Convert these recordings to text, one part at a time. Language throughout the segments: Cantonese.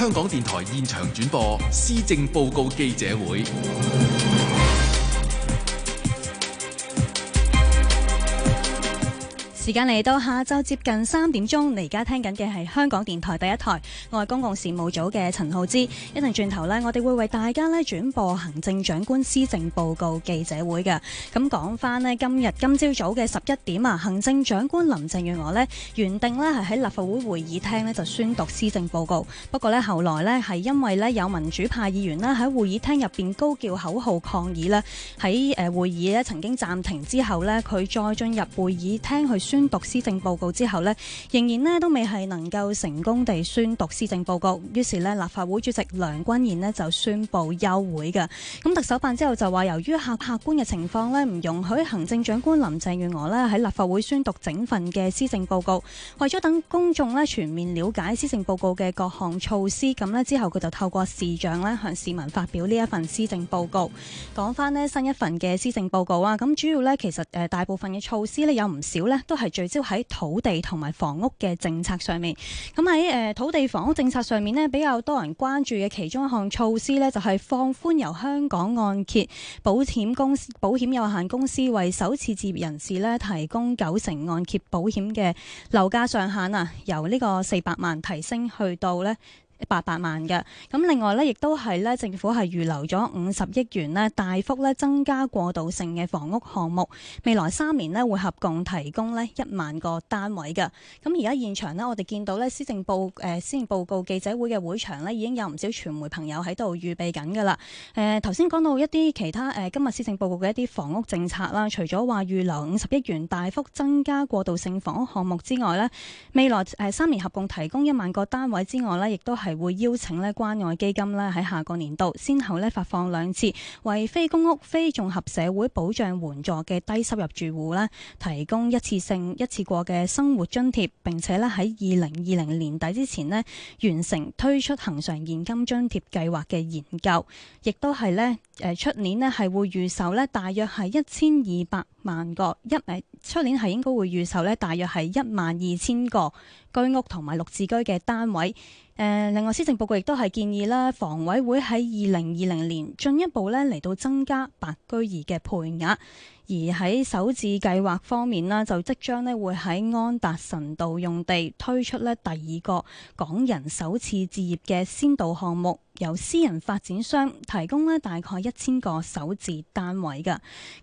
香港電台現場轉播施政報告記者會。時間嚟到下晝接近三點鐘，你而家聽緊嘅係香港電台第一台，我係公共事務組嘅陳浩之。一陣轉頭呢我哋會為大家呢轉播行政長官施政報告記者會嘅。咁講翻呢今日今朝早嘅十一點啊，行政長官林鄭月娥呢原定呢係喺立法會會，會議廳呢就宣讀施政報告，不過呢，後來呢係因為呢有民主派議員呢喺會議廳入邊高叫口號抗議咧，喺誒會議呢曾經暫停之後呢佢再進入會議廳去宣。宣讀施政報告之後呢，仍然呢都未係能夠成功地宣讀施政報告，於是呢，立法會主席梁君彥呢就宣布休會嘅。咁特首辦之後就話，由於客客觀嘅情況呢，唔容許行政長官林鄭月娥呢喺立法會宣讀整份嘅施政報告。為咗等公眾呢全面了解施政報告嘅各項措施，咁呢之後佢就透過視像呢向市民發表呢一份施政報告，講翻呢，新一份嘅施政報告啊。咁主要呢，其實誒、呃、大部分嘅措施呢，有唔少呢，都係聚焦喺土地同埋房屋嘅政策上面。咁喺誒土地房屋政策上面呢，比較多人關注嘅其中一項措施呢，就係放寬由香港按揭保險公司保險有限公司為首次置業人士呢提供九成按揭保險嘅樓價上限啊，由呢個四百萬提升去到呢，八百萬嘅，咁另外呢，亦都係呢政府係預留咗五十億元呢大幅咧增加過渡性嘅房屋項目，未來三年呢會合共提供呢一萬個單位嘅。咁而家現場呢，我哋見到呢施政報誒、呃、施政報告記者會嘅會場呢，已經有唔少傳媒朋友喺度預備緊噶啦。誒頭先講到一啲其他誒、呃、今日施政報告嘅一啲房屋政策啦，除咗話預留五十億元大幅增加過渡性房屋項目之外呢，未來誒三年合共提供一萬個單位之外呢，亦都係。係會邀請咧關愛基金咧喺下個年度先後咧發放兩次，為非公屋、非綜合社會保障援助嘅低收入住戶咧提供一次性一次過嘅生活津貼，並且咧喺二零二零年底之前咧完成推出恒常現金津貼計劃嘅研究，亦都係咧誒出年咧係會預售咧大約係一千二百萬個一誒，出年係應該會預售咧，大約係一萬二千個居屋同埋六字居嘅單位。誒、呃，另外，施政報告亦都係建議咧，房委會喺二零二零年進一步咧嚟到增加白居二嘅配額。而喺首置計劃方面咧，就即將咧會喺安達臣道用地推出咧第二個港人首次置業嘅先導項目。由私人發展商提供咧，大概一千個首置單位嘅。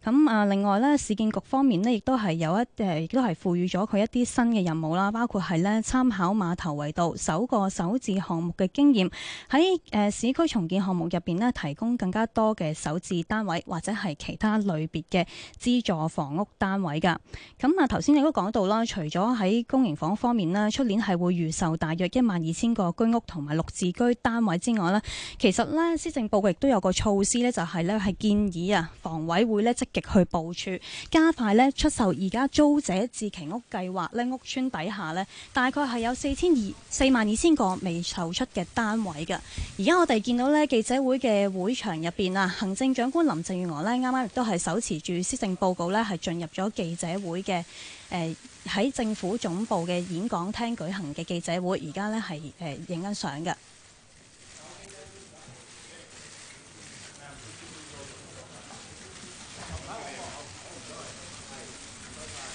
咁啊，另外咧，市建局方面咧，亦都係有一誒，亦都係賦予咗佢一啲新嘅任務啦，包括係咧參考馬頭圍道首個首置項目嘅經驗，喺誒市區重建項目入邊咧，提供更加多嘅首置單位或者係其他類別嘅資助房屋單位㗎。咁啊，頭先你都講到啦，除咗喺公營房方面咧，出年係會預售大約一萬二千個居屋同埋綠置居單位之外咧。其實呢，施政報告亦都有個措施呢就係、是、呢，係建議啊，房委會呢積極去部署，加快呢出售而家租者置其屋計劃呢屋邨底下呢，大概係有四千二四萬二千個未售出嘅單位㗎。而家我哋見到呢記者會嘅會場入邊啊，行政長官林鄭月娥呢，啱啱亦都係手持住施政報告呢，係進入咗記者會嘅誒喺政府總部嘅演講廳舉行嘅記者會，而家呢係誒影緊相㗎。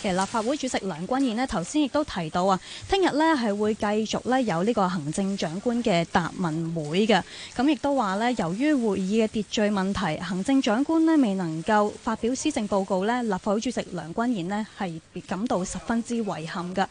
其立法會主席梁君彥呢頭先亦都提到啊，聽日呢係會繼續呢有呢個行政長官嘅答問會嘅，咁亦都話呢由於會議嘅秩序問題，行政長官呢未能夠發表施政報告呢，立法會主席梁君彥呢係感到十分之遺憾嘅。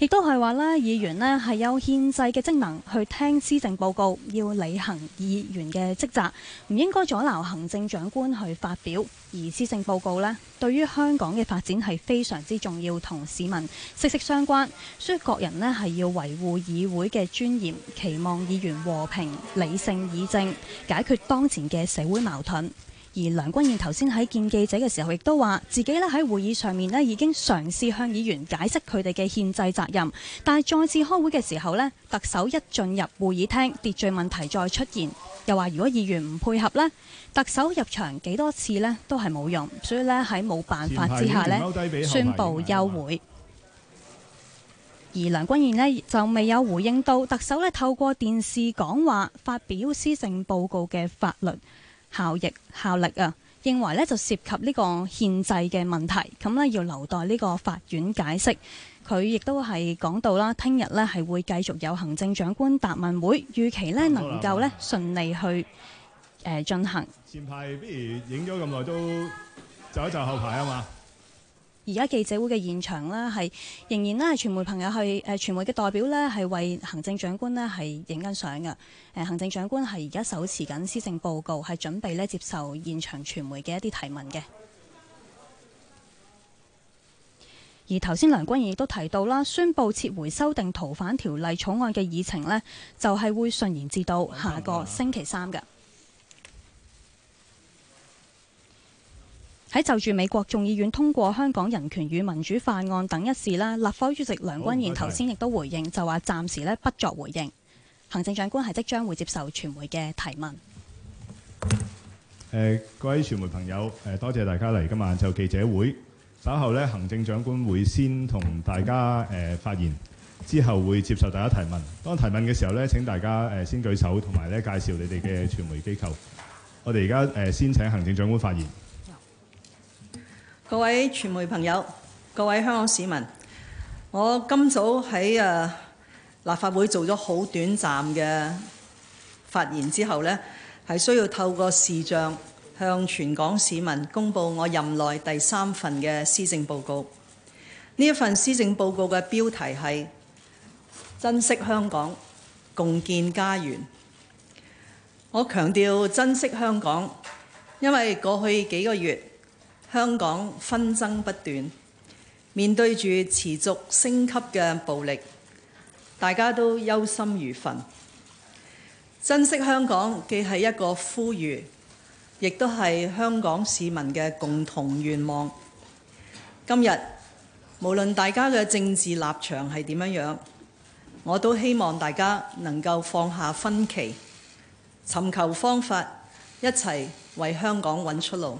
亦都係話呢，議員咧係有憲制嘅職能去聽施政報告，要履行議員嘅職責，唔應該阻撓行政長官去發表。而施政報告呢，對於香港嘅發展係非常之重要，同市民息息相關，所以各人咧係要維護議會嘅尊嚴，期望議員和平理性議政，解決當前嘅社會矛盾。而梁君彥頭先喺見記者嘅時候，亦都話自己呢，喺會議上面呢已經嘗試向議員解釋佢哋嘅憲制責任，但係再次開會嘅時候呢，特首一進入會議廳，秩序問題再出現，又話如果議員唔配合呢，特首入場幾多次呢都係冇用，所以呢喺冇辦法之下呢，宣布休會。而梁君彥呢就未有回應到特首呢透過電視講話發表施政報告嘅法律。效益效力啊，認為呢就涉及呢個憲制嘅問題，咁呢要留待呢個法院解釋。佢亦都係講到啦，聽日呢係會繼續有行政長官答問會，預期呢能夠呢順利去誒、呃、進行。前排不如影咗咁耐都走一走後排啊嘛～而家記者會嘅現場呢，係仍然咧係傳媒朋友去誒，傳媒嘅代表呢，係為行政長官呢，係影緊相嘅。誒行政長官係而家手持緊施政報告，係準備呢，接受現場傳媒嘅一啲提問嘅。而頭先梁君彥亦都提到啦，宣布撤回修訂逃犯條例草案嘅議程呢，就係會順延至到下個星期三嘅。喺就住美國眾議院通過香港人權與民主法案等一事咧，立法主席梁君彥頭先亦都回應，就話暫時咧不作回應。行政長官係即將會接受傳媒嘅提問。誒，各位傳媒朋友，誒多謝大家嚟今晚就記者會。稍後咧行政長官會先同大家誒發言，之後會接受大家提問。當提問嘅時候咧，請大家誒先舉手，同埋咧介紹你哋嘅傳媒機構。我哋而家誒先請行政長官發言。各位傳媒朋友、各位香港市民，我今早喺立法會做咗好短暫嘅發言之後呢，係需要透過視像向全港市民公佈我任內第三份嘅施政報告。呢一份施政報告嘅標題係「珍惜香港，共建家園」。我強調珍惜香港，因為過去幾個月，香港紛爭不斷，面對住持續升級嘅暴力，大家都憂心如焚。珍惜香港既係一個呼籲，亦都係香港市民嘅共同願望。今日，無論大家嘅政治立場係點樣，我都希望大家能夠放下分歧，尋求方法，一齊為香港揾出路。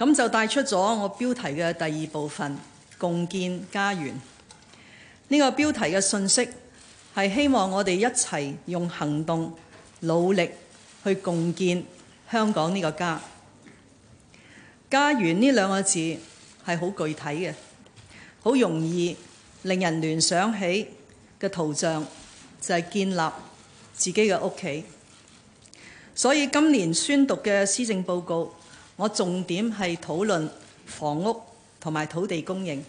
咁就帶出咗我標題嘅第二部分，共建家園。呢、這個標題嘅信息係希望我哋一齊用行動努力去共建香港呢個家。家園呢兩個字係好具體嘅，好容易令人聯想起嘅圖像就係、是、建立自己嘅屋企。所以今年宣讀嘅施政報告。我重點係討論房屋同埋土地供應，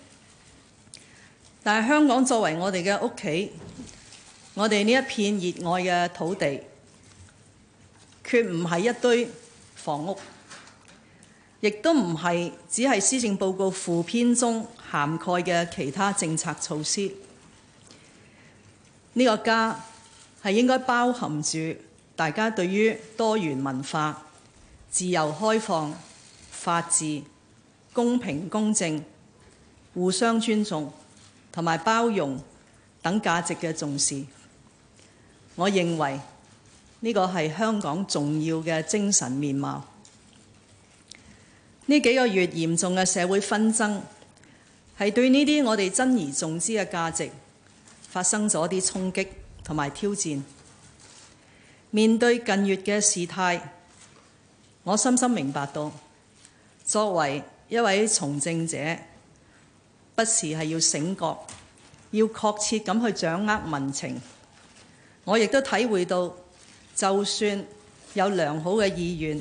但係香港作為我哋嘅屋企，我哋呢一片熱愛嘅土地，決唔係一堆房屋，亦都唔係只係施政報告附篇中涵蓋嘅其他政策措施。呢個家係應該包含住大家對於多元文化、自由、開放、法治、公平、公正、互相尊重同埋包容等價值嘅重視，我認為呢個係香港重要嘅精神面貌。呢幾個月嚴重嘅社會紛爭，係對呢啲我哋珍而重之嘅價值發生咗啲衝擊同埋挑戰。面對近月嘅事態，我深深明白到，作為一位從政者，不時係要醒覺，要確切咁去掌握民情。我亦都體會到，就算有良好嘅意願，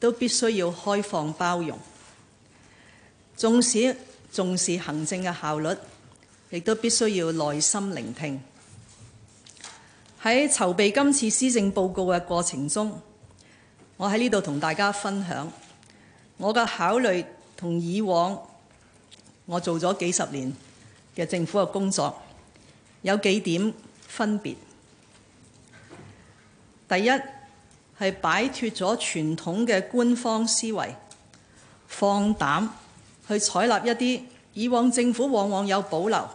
都必須要開放包容。縱使重視行政嘅效率，亦都必須要耐心聆聽。喺籌備今次施政報告嘅過程中，我喺呢度同大家分享，我嘅考慮同以往我做咗幾十年嘅政府嘅工作有幾點分別。第一係擺脱咗傳統嘅官方思維，放膽去採納一啲以往政府往往有保留，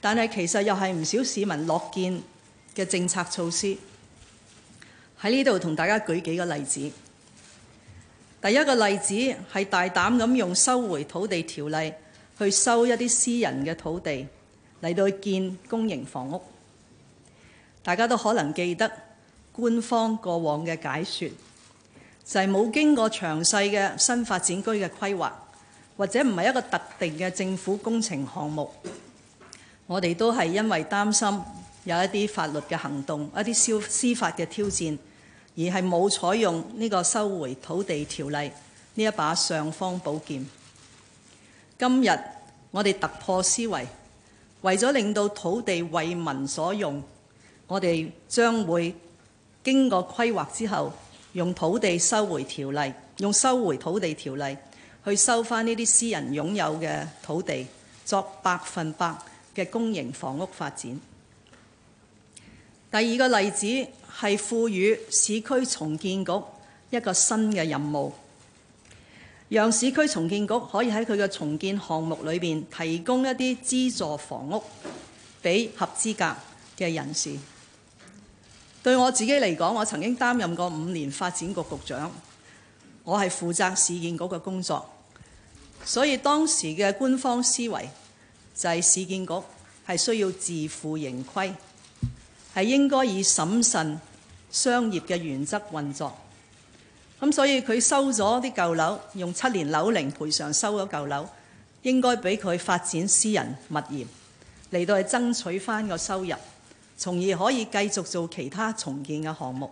但係其實又係唔少市民樂見嘅政策措施。喺呢度同大家舉幾個例子。第一個例子係大膽咁用收回土地條例去收一啲私人嘅土地嚟到建公營房屋。大家都可能記得官方過往嘅解説，就係冇經過詳細嘅新發展區嘅規劃，或者唔係一個特定嘅政府工程項目。我哋都係因為擔心有一啲法律嘅行動、一啲消司法嘅挑戰。而係冇採用呢個收回土地條例呢一把尚方寶劍。今日我哋突破思維，為咗令到土地為民所用，我哋將會經過規劃之後，用土地收回條例，用收回土地條例去收翻呢啲私人擁有嘅土地，作百分百嘅公營房屋發展。第二個例子，係賦予市區重建局一個新嘅任務，讓市區重建局可以喺佢嘅重建項目裏面提供一啲資助房屋俾合資格嘅人士。對我自己嚟講，我曾經擔任過五年發展局局長，我係負責市建局嘅工作，所以當時嘅官方思維就係市建局係需要自負盈虧。係應該以審慎商業嘅原則運作，咁所以佢收咗啲舊樓，用七年樓齡賠償收咗舊樓，應該畀佢發展私人物業，嚟到去爭取返個收入，從而可以繼續做其他重建嘅項目。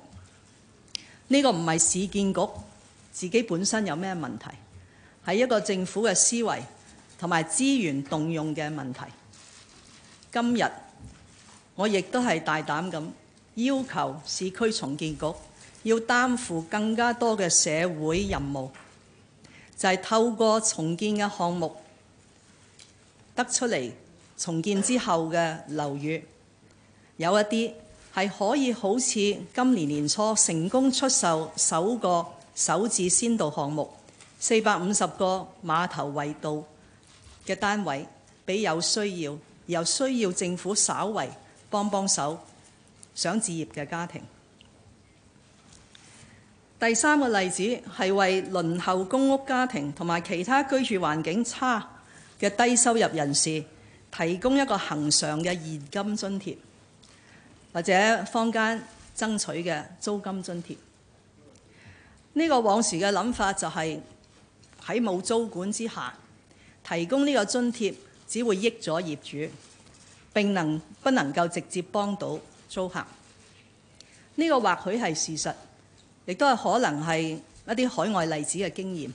呢個唔係市建局自己本身有咩問題，係一個政府嘅思維同埋資源動用嘅問題。今日，我亦都係大膽咁要求市區重建局要擔負更加多嘅社會任務，就係透過重建嘅項目得出嚟重建之後嘅樓宇，有一啲係可以好似今年年初成功出售首個首置先導項目四百五十個馬頭圍道嘅單位，俾有需要又需要政府稍為。幫幫手想置業嘅家庭。第三個例子係為輪候公屋家庭同埋其他居住環境差嘅低收入人士提供一個恒常嘅現金津貼，或者坊間爭取嘅租金津貼。呢個往時嘅諗法就係喺冇租管之下提供呢個津貼，只會益咗業主。並能不能夠直接幫到租客，呢個或許係事實，亦都係可能係一啲海外例子嘅經驗。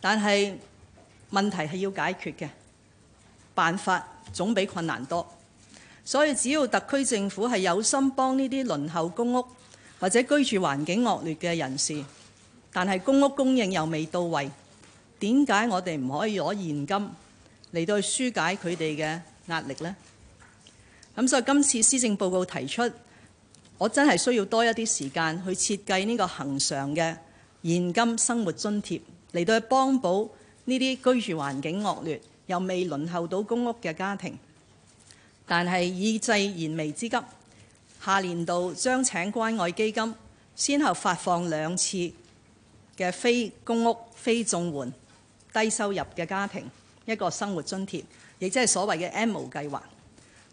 但係問題係，要解決嘅辦法總比困難多，所以只要特區政府係有心幫呢啲輪候公屋或者居住環境惡劣嘅人士，但係公屋供應又未到位，點解我哋唔可以攞現金嚟到去舒解佢哋嘅壓力呢，咁所以今次施政報告提出，我真係需要多一啲時間去設計呢個恒常嘅現金生活津貼，嚟到去幫補呢啲居住環境惡劣又未輪候到公屋嘅家庭。但係以濟燃眉之急，下年度將請關愛基金，先後發放兩次嘅非公屋、非綜援低收入嘅家庭一個生活津貼。亦即係所謂嘅 MO 計劃，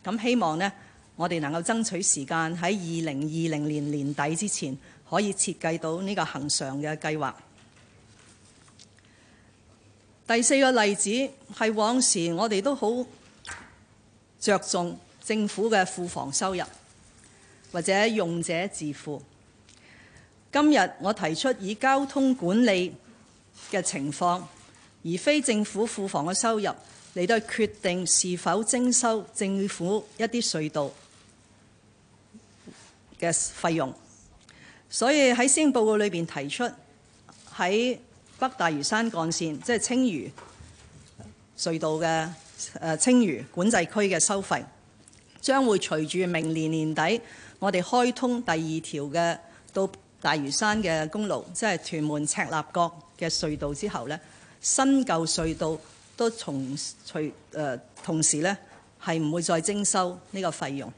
咁希望呢，我哋能夠爭取時間喺二零二零年年底之前，可以設計到呢個恒常嘅計劃。第四個例子係往時我哋都好着重政府嘅庫房收入，或者用者自付。今日我提出以交通管理嘅情況，而非政府庫房嘅收入。嚟到決定是否徵收政府一啲隧道嘅費用，所以喺施政報告裏邊提出喺北大嶼山幹線，即係青嶼隧道嘅誒青嶼管制區嘅收費，將會隨住明年年底我哋開通第二條嘅到大嶼山嘅公路，即係屯門赤鱲角嘅隧道之後咧，新舊隧道。都從除誒同時呢，係唔會再徵收呢個費用。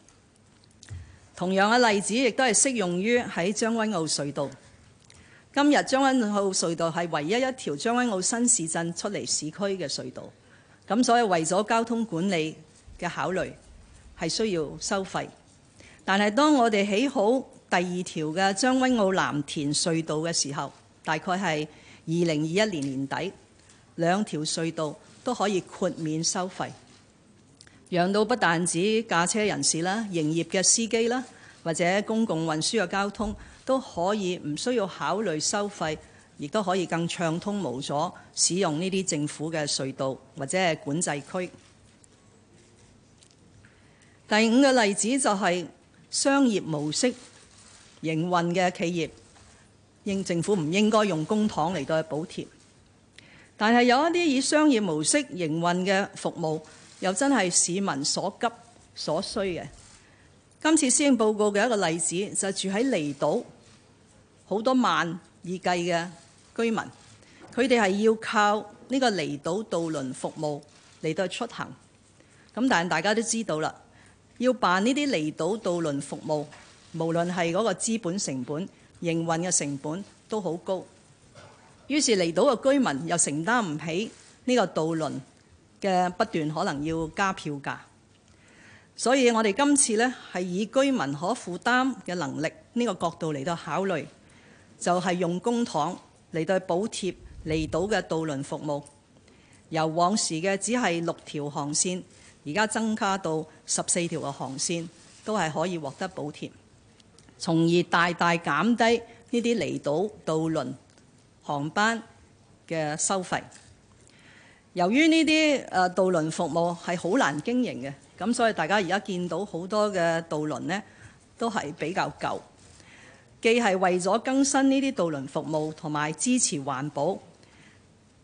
同樣嘅例子亦都係適用於喺將軍澳隧道。今日將軍澳隧道係唯一一條將軍澳新市鎮出嚟市區嘅隧道。咁所以為咗交通管理嘅考慮，係需要收費。但係當我哋起好第二條嘅將軍澳藍田隧道嘅時候，大概係二零二一年年底，兩條隧道，都可以豁免收費，讓到不但止駕車人士啦、營業嘅司機啦，或者公共運輸嘅交通都可以唔需要考慮收費，亦都可以更暢通無阻使用呢啲政府嘅隧道或者係管制區。第五個例子就係商業模式營運嘅企業，應政府唔應該用公帑嚟到去補貼？但係有一啲以商業模式營運嘅服務，又真係市民所急所需嘅。今次施政報告嘅一個例子，就是、住喺離島好多萬以計嘅居民，佢哋係要靠呢個離島渡輪服務嚟到去出行。咁但係大家都知道啦，要辦呢啲離島渡輪服務，無論係嗰個資本成本、營運嘅成本都好高。於是離島嘅居民又承擔唔起呢個渡輪嘅不斷可能要加票價，所以我哋今次呢係以居民可負擔嘅能力呢個角度嚟到考慮，就係用公帑嚟到補貼離島嘅渡輪服務。由往時嘅只係六條航線，而家增加到十四條嘅航線，都係可以獲得補貼，從而大大減低呢啲離島渡輪。航班嘅收費，由於呢啲誒渡輪服務係好難經營嘅，咁所以大家而家見到好多嘅渡輪呢都係比較舊。既係為咗更新呢啲渡輪服務同埋支持環保，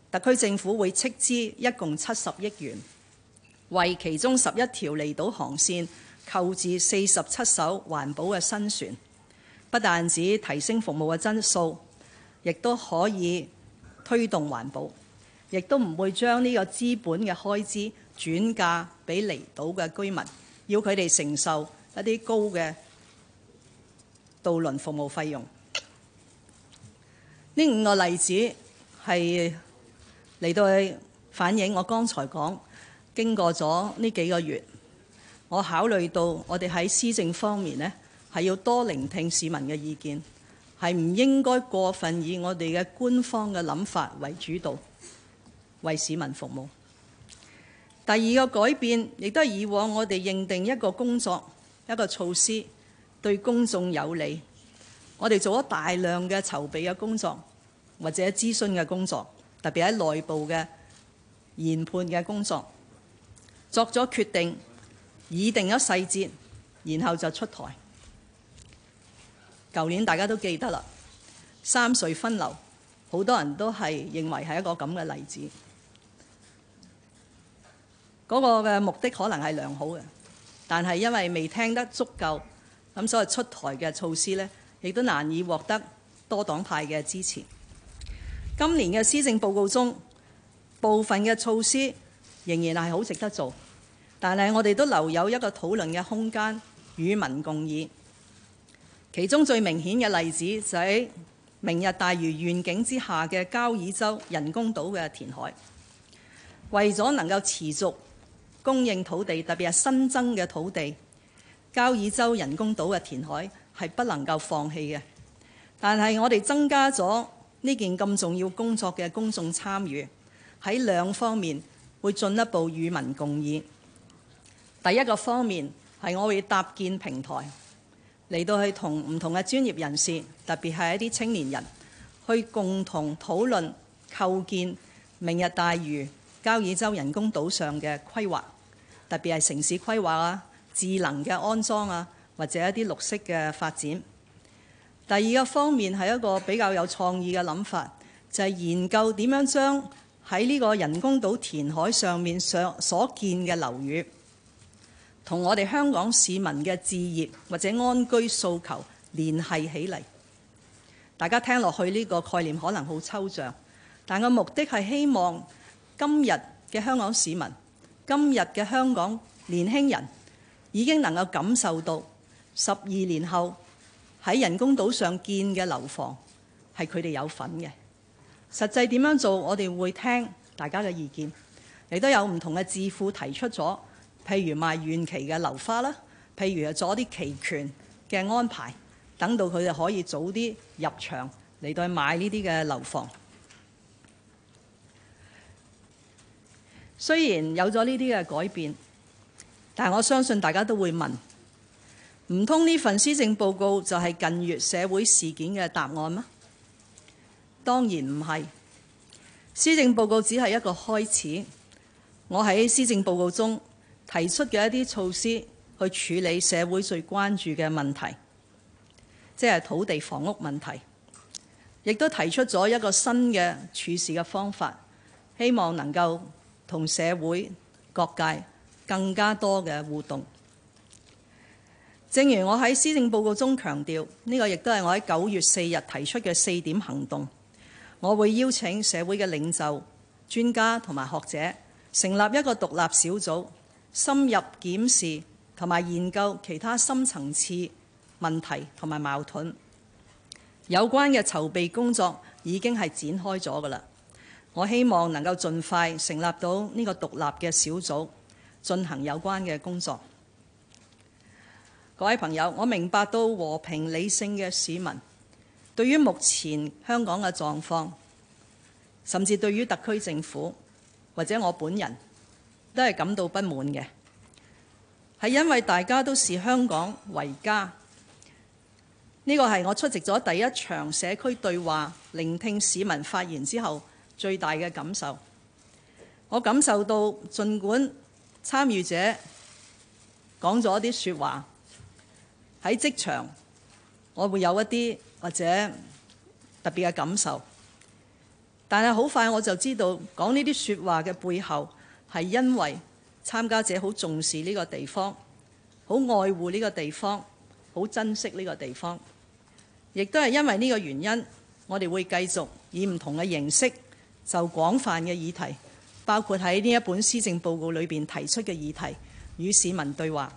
特區政府會斥資一共七十億元，為其中十一條離島航線購置四十七艘環保嘅新船，不但止提升服務嘅質素，亦都可以推動環保，亦都唔會將呢個資本嘅開支轉嫁俾離島嘅居民，要佢哋承受一啲高嘅渡輪服務費用。呢五個例子係嚟到反映我剛才講，經過咗呢幾個月，我考慮到我哋喺施政方面呢，係要多聆聽市民嘅意見。係唔應該過分以我哋嘅官方嘅諗法為主導，為市民服務。第二個改變亦都係以往我哋認定一個工作、一個措施對公眾有利，我哋做咗大量嘅籌備嘅工作，或者諮詢嘅工作，特別喺內部嘅研判嘅工作，作咗決定，擬定咗細節，然後就出台。舊年大家都記得啦，三隧分流，好多人都係認為係一個咁嘅例子。嗰個嘅目的可能係良好嘅，但係因為未聽得足夠，咁所以出台嘅措施呢，亦都難以獲得多黨派嘅支持。今年嘅施政報告中，部分嘅措施仍然係好值得做，但係我哋都留有一個討論嘅空間，與民共議。其中最明顯嘅例子就喺明日大嶼願景之下嘅交椅洲人工島嘅填海，為咗能夠持續供應土地，特別係新增嘅土地，交椅洲人工島嘅填海係不能夠放棄嘅。但係我哋增加咗呢件咁重要工作嘅公眾參與，喺兩方面會進一步與民共議。第一個方面係我會搭建平台。嚟到去同唔同嘅專業人士，特別係一啲青年人，去共同討論構建明日大嶼、交椅洲人工島上嘅規劃，特別係城市規劃啊、智能嘅安裝啊，或者一啲綠色嘅發展。第二個方面係一個比較有創意嘅諗法，就係、是、研究點樣將喺呢個人工島填海上面上所建嘅樓宇。同我哋香港市民嘅置業或者安居訴求連繫起嚟，大家聽落去呢個概念可能好抽象，但個目的係希望今日嘅香港市民、今日嘅香港年輕人已經能夠感受到十二年後喺人工島上建嘅樓房係佢哋有份嘅。實際點樣做，我哋會聽大家嘅意見，亦都有唔同嘅智庫提出咗。譬如賣遠期嘅樓花啦，譬如做一啲期權嘅安排，等到佢哋可以早啲入場嚟到買呢啲嘅樓房。雖然有咗呢啲嘅改變，但我相信大家都會問：唔通呢份施政報告就係近月社會事件嘅答案嗎？當然唔係，施政報告只係一個開始。我喺施政報告中提出嘅一啲措施，去處理社會最關注嘅問題，即係土地房屋問題，亦都提出咗一個新嘅處事嘅方法，希望能夠同社會各界更加多嘅互動。正如我喺施政報告中強調，呢個亦都係我喺九月四日提出嘅四點行動，我會邀請社會嘅領袖、專家同埋學者，成立一個獨立小組。深入檢視同埋研究其他深層次問題同埋矛盾，有關嘅籌備工作已經係展開咗㗎喇。我希望能夠盡快成立到呢個獨立嘅小組，進行有關嘅工作。各位朋友，我明白到和平理性嘅市民對於目前香港嘅狀況，甚至對於特區政府，或者我本人，真係感到不滿嘅，係因為大家都視香港為家。呢個係我出席咗第一場社區對話，聆聽市民發言之後最大嘅感受。我感受到，儘管參與者講咗啲説話，喺職場我會有一啲或者特別嘅感受，但係好快我就知道講呢啲説話嘅背後，係因為參加者好重視呢個地方，好愛護呢個地方，好珍惜呢個地方，亦都係因為呢個原因，我哋會繼續以唔同嘅形式就廣泛嘅議題，包括喺呢一本施政報告裏邊提出嘅議題，與市民對話。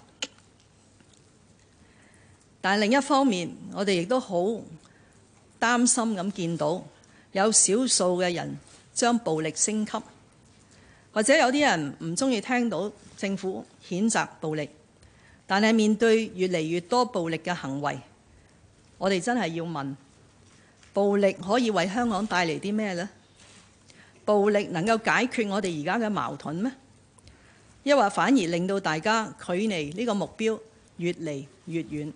但另一方面，我哋亦都好擔心咁見到有少數嘅人將暴力升級。或者有啲人唔中意聽到政府譴責暴力，但係面對越嚟越多暴力嘅行為，我哋真係要問：暴力可以為香港帶嚟啲咩呢？暴力能夠解決我哋而家嘅矛盾咩？抑或反而令到大家距離呢個目標越嚟越遠？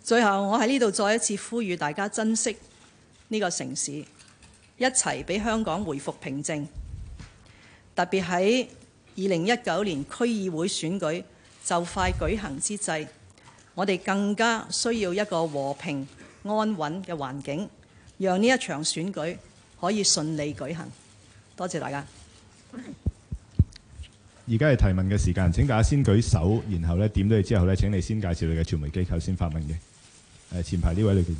最後，我喺呢度再一次呼籲大家珍惜呢個城市，一齊俾香港回復平靜。特別喺二零一九年區議會選舉就快舉行之際，我哋更加需要一個和平安穩嘅環境，讓呢一場選舉可以順利舉行。多謝大家。而家係提問嘅時間，請大家先舉手，然後咧點咗你之後咧，請你先介紹你嘅傳媒機構先發問嘅。誒，前排呢位女士。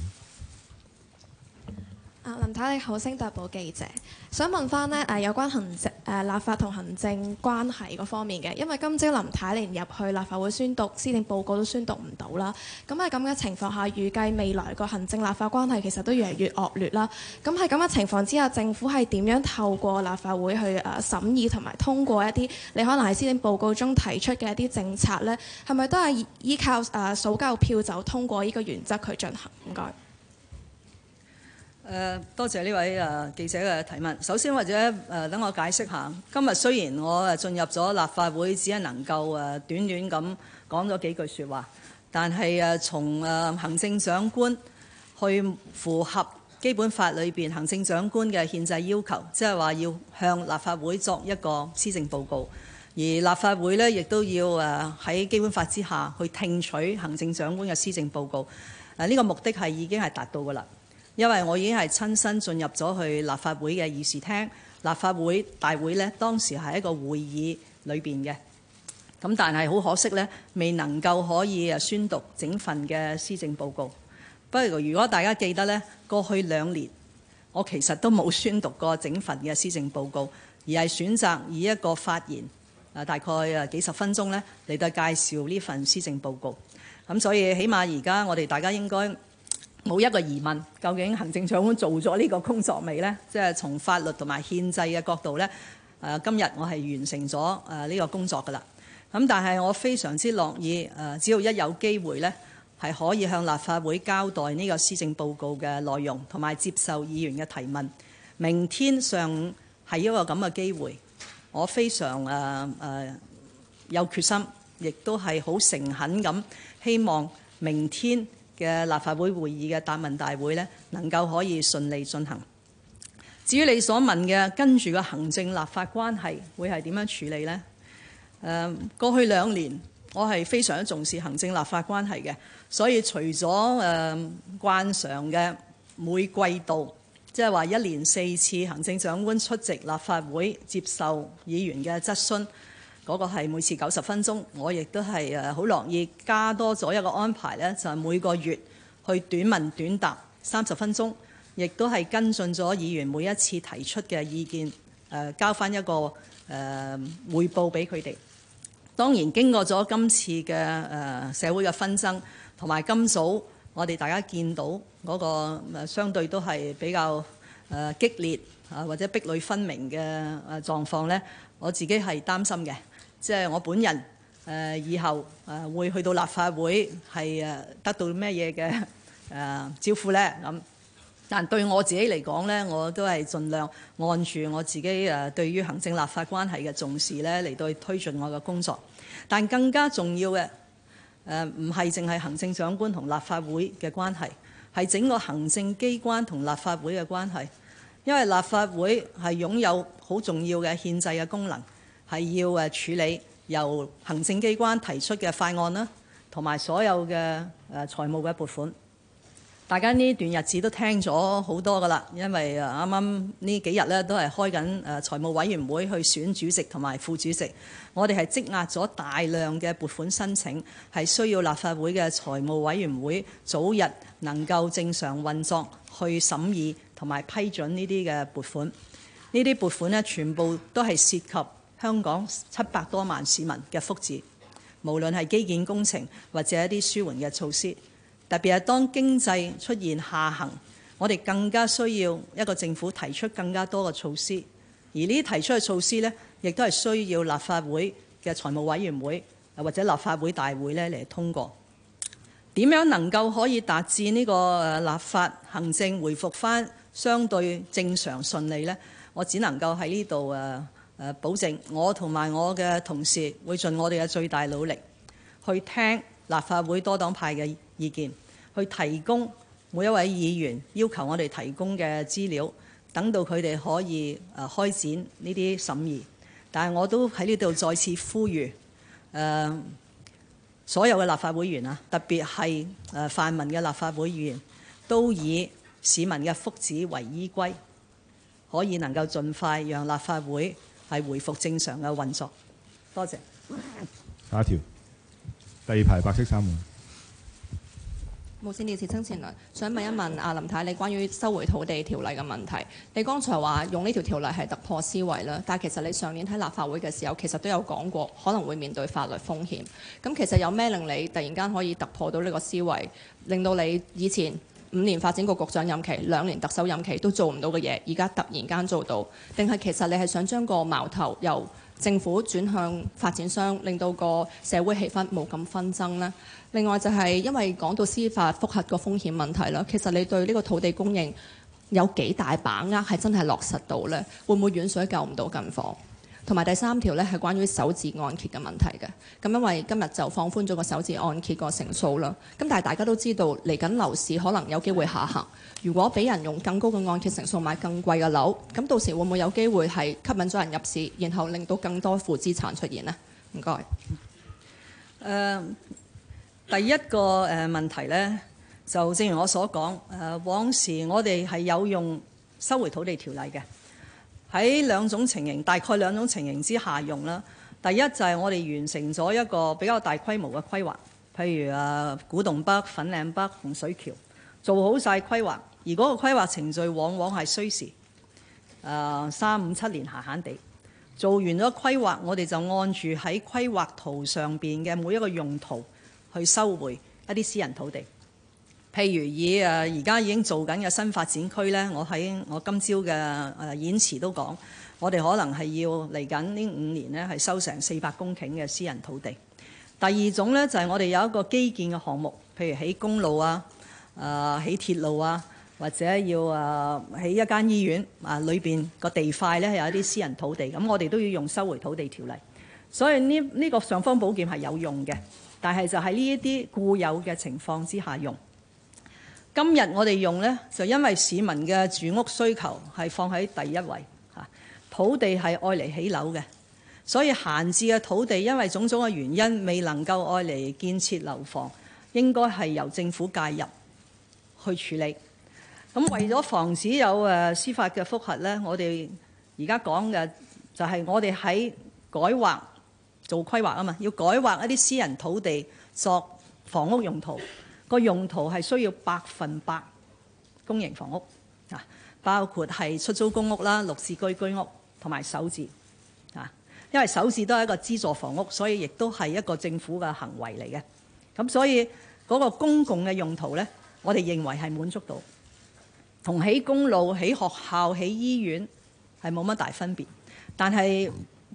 啊，林太，你好，星島報記者。想問翻呢誒有關行政誒立法同行政關係嗰方面嘅，因為今朝林太連入去立法會宣讀施政報告都宣讀唔到啦。咁喺咁嘅情況下，預計未來個行政立法關係其實都越嚟越惡劣啦。咁喺咁嘅情況之下，政府係點樣透過立法會去誒審議同埋通過一啲你可能喺施政報告中提出嘅一啲政策呢？係咪都係依靠誒、啊、數夠票就通過呢個原則去進行？唔該。誒多謝呢位誒記者嘅提問。首先或者誒等我解釋下。今日雖然我誒進入咗立法會，只係能夠誒短短咁講咗幾句説話，但係誒從誒行政長官去符合基本法裏邊行政長官嘅憲制要求，即係話要向立法會作一個施政報告。而立法會呢，亦都要誒喺基本法之下去聽取行政長官嘅施政報告。誒、這、呢個目的係已經係達到㗎喇。因為我已經係親身進入咗去立法會嘅議事廳，立法會大會呢，當時係一個會議裏邊嘅。咁但係好可惜呢，未能夠可以誒宣讀整份嘅施政報告。不過如果大家記得呢，過去兩年我其實都冇宣讀過整份嘅施政報告，而係選擇以一個發言誒，大概誒幾十分鐘呢，嚟到介紹呢份施政報告。咁所以起碼而家我哋大家應該冇一個疑問，究竟行政長官做咗呢個工作未呢？即係從法律同埋憲制嘅角度呢，誒今日我係完成咗誒呢個工作㗎啦。咁但係我非常之樂意誒，只要一有機會呢，係可以向立法會交代呢個施政報告嘅內容，同埋接受議員嘅提問。明天上午係一個咁嘅機會，我非常誒誒、呃呃、有決心，亦都係好誠懇咁，希望明天。嘅立法會會議嘅答問大會呢，能夠可以順利進行。至於你所問嘅跟住嘅行政立法關係會係點樣處理呢？誒、嗯，過去兩年我係非常重視行政立法關係嘅，所以除咗誒、嗯、慣常嘅每季度，即係話一年四次行政長官出席立法會接受議員嘅質詢。嗰個係每次九十分鐘，我亦都係誒好樂意加多咗一個安排呢，就係每個月去短問短答三十分鐘，亦都係跟進咗議員每一次提出嘅意見，誒交翻一個誒彙報俾佢哋。當然經過咗今次嘅誒社會嘅紛爭，同埋今早我哋大家見到嗰個誒相對都係比較誒激烈啊，或者壁壘分明嘅誒狀況呢，我自己係擔心嘅。即係我本人誒，以後誒會去到立法會係誒得到咩嘢嘅誒招呼呢？咁。但對我自己嚟講呢，我都係盡量按住我自己誒對於行政立法關係嘅重視呢嚟到去推進我嘅工作。但更加重要嘅誒，唔係淨係行政長官同立法會嘅關係，係整個行政機關同立法會嘅關係，因為立法會係擁有好重要嘅憲制嘅功能。係要誒處理由行政機關提出嘅法案啦，同埋所有嘅誒財務嘅撥款。大家呢段日子都聽咗好多㗎喇，因為誒啱啱呢幾日呢，都係開緊誒財務委員會去選主席同埋副主席。我哋係積壓咗大量嘅撥款申請，係需要立法會嘅財務委員會早日能夠正常運作去審議同埋批准呢啲嘅撥款。呢啲撥款呢，全部都係涉及香港七百多萬市民嘅福祉，無論係基建工程或者一啲舒緩嘅措施，特別係當經濟出現下行，我哋更加需要一個政府提出更加多嘅措施。而呢啲提出嘅措施呢，亦都係需要立法會嘅財務委員會或者立法會大會咧嚟通過，點樣能夠可以達至呢個立法行政回復翻相對正常順利咧？我只能夠喺呢度誒。誒保證，我同埋我嘅同事會盡我哋嘅最大努力去聽立法會多黨派嘅意見，去提供每一位議員要求我哋提供嘅資料，等到佢哋可以誒開展呢啲審議。但係我都喺呢度再次呼籲誒、呃、所有嘅立法會議員啊，特別係誒泛民嘅立法會議員，都以市民嘅福祉為依歸，可以能夠盡快讓立法會係回復正常嘅運作。多謝，下一條，第二排白色衫嘅。無線電視，曾倩玲，想問一問阿林太，你關於收回土地條例嘅問題。你剛才話用呢條條例係突破思維啦，但係其實你上年喺立法會嘅時候，其實都有講過可能會面對法律風險。咁其實有咩令你突然間可以突破到呢個思維，令到你以前？五年發展局局長任期、兩年特首任期都做唔到嘅嘢，而家突然間做到，定係其實你係想將個矛頭由政府轉向發展商，令到個社會氣氛冇咁紛爭呢？另外就係因為講到司法覆核個風險問題啦，其實你對呢個土地供應有幾大把握係真係落實到呢？會唔會遠水救唔到近火？同埋第三條呢係關於首置按揭嘅問題嘅，咁因為今日就放寬咗個首置按揭個成數啦。咁但係大家都知道嚟緊樓市可能有機會下行，如果俾人用更高嘅按揭成數買更貴嘅樓，咁到時會唔會有機會係吸引咗人入市，然後令到更多負資產出現呢？唔該。誒、呃，第一個誒問題呢，就正如我所講、呃，往時我哋係有用收回土地條例嘅。喺兩種情形，大概兩種情形之下用啦。第一就係我哋完成咗一個比較大規模嘅規劃，譬如古洞北、粉嶺北、洪水橋做好晒規劃，而嗰個規劃程序往往係需時，三五七年閒閒地做完咗規劃，我哋就按住喺規劃圖上邊嘅每一個用途去收回一啲私人土地。譬如以而家已經做緊嘅新發展區呢，我喺我今朝嘅演辭都講，我哋可能係要嚟緊呢五年呢，係收成四百公頃嘅私人土地。第二種呢，就係我哋有一個基建嘅項目，譬如起公路啊、誒、啊、起鐵路啊，或者要誒起一間醫院啊，裏邊個地塊呢，係有一啲私人土地，咁我哋都要用收回土地條例。所以呢，呢個尚方寶劍係有用嘅，但係就喺呢一啲固有嘅情況之下用。今日我哋用呢，就因為市民嘅住屋需求係放喺第一位，土地係愛嚟起樓嘅，所以閒置嘅土地因為種種嘅原因未能夠愛嚟建設樓房，應該係由政府介入去處理。咁為咗防止有司法嘅覆核呢，我哋而家講嘅就係我哋喺改劃做規劃啊嘛，要改劃一啲私人土地作房屋用途。個用途係需要百分百公營房屋啊，包括係出租公屋啦、綠置居居屋同埋首置啊。因為首置都係一個資助房屋，所以亦都係一個政府嘅行為嚟嘅。咁所以嗰個公共嘅用途呢，我哋認為係滿足到同起公路、起學校、起醫院係冇乜大分別。但係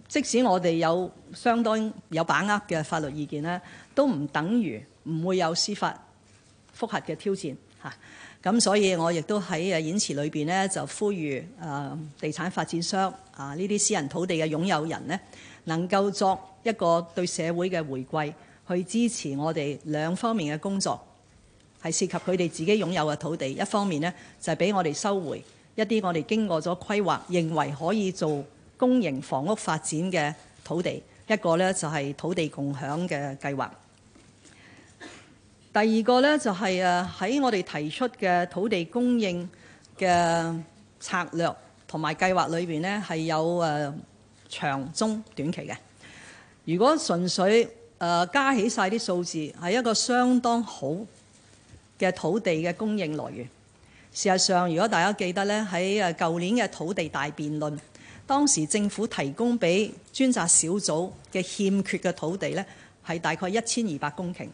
即使我哋有相當有把握嘅法律意見呢，都唔等於唔會有司法複合嘅挑戰嚇，咁、啊、所以我亦都喺演辭裏邊呢，就呼籲誒、啊、地產發展商啊呢啲私人土地嘅擁有人呢，能夠作一個對社會嘅回饋，去支持我哋兩方面嘅工作，係涉及佢哋自己擁有嘅土地。一方面呢，就係、是、俾我哋收回一啲我哋經過咗規劃，認為可以做公營房屋發展嘅土地；一個呢，就係、是、土地共享嘅計劃。第二個呢，就係誒喺我哋提出嘅土地供應嘅策略同埋計劃裏邊呢，係有誒長中短期嘅。如果純粹誒加起晒啲數字，係一個相當好嘅土地嘅供應來源。事實上，如果大家記得呢，喺誒舊年嘅土地大辯論，當時政府提供俾專責小組嘅欠缺嘅土地呢，係大概一千二百公頃。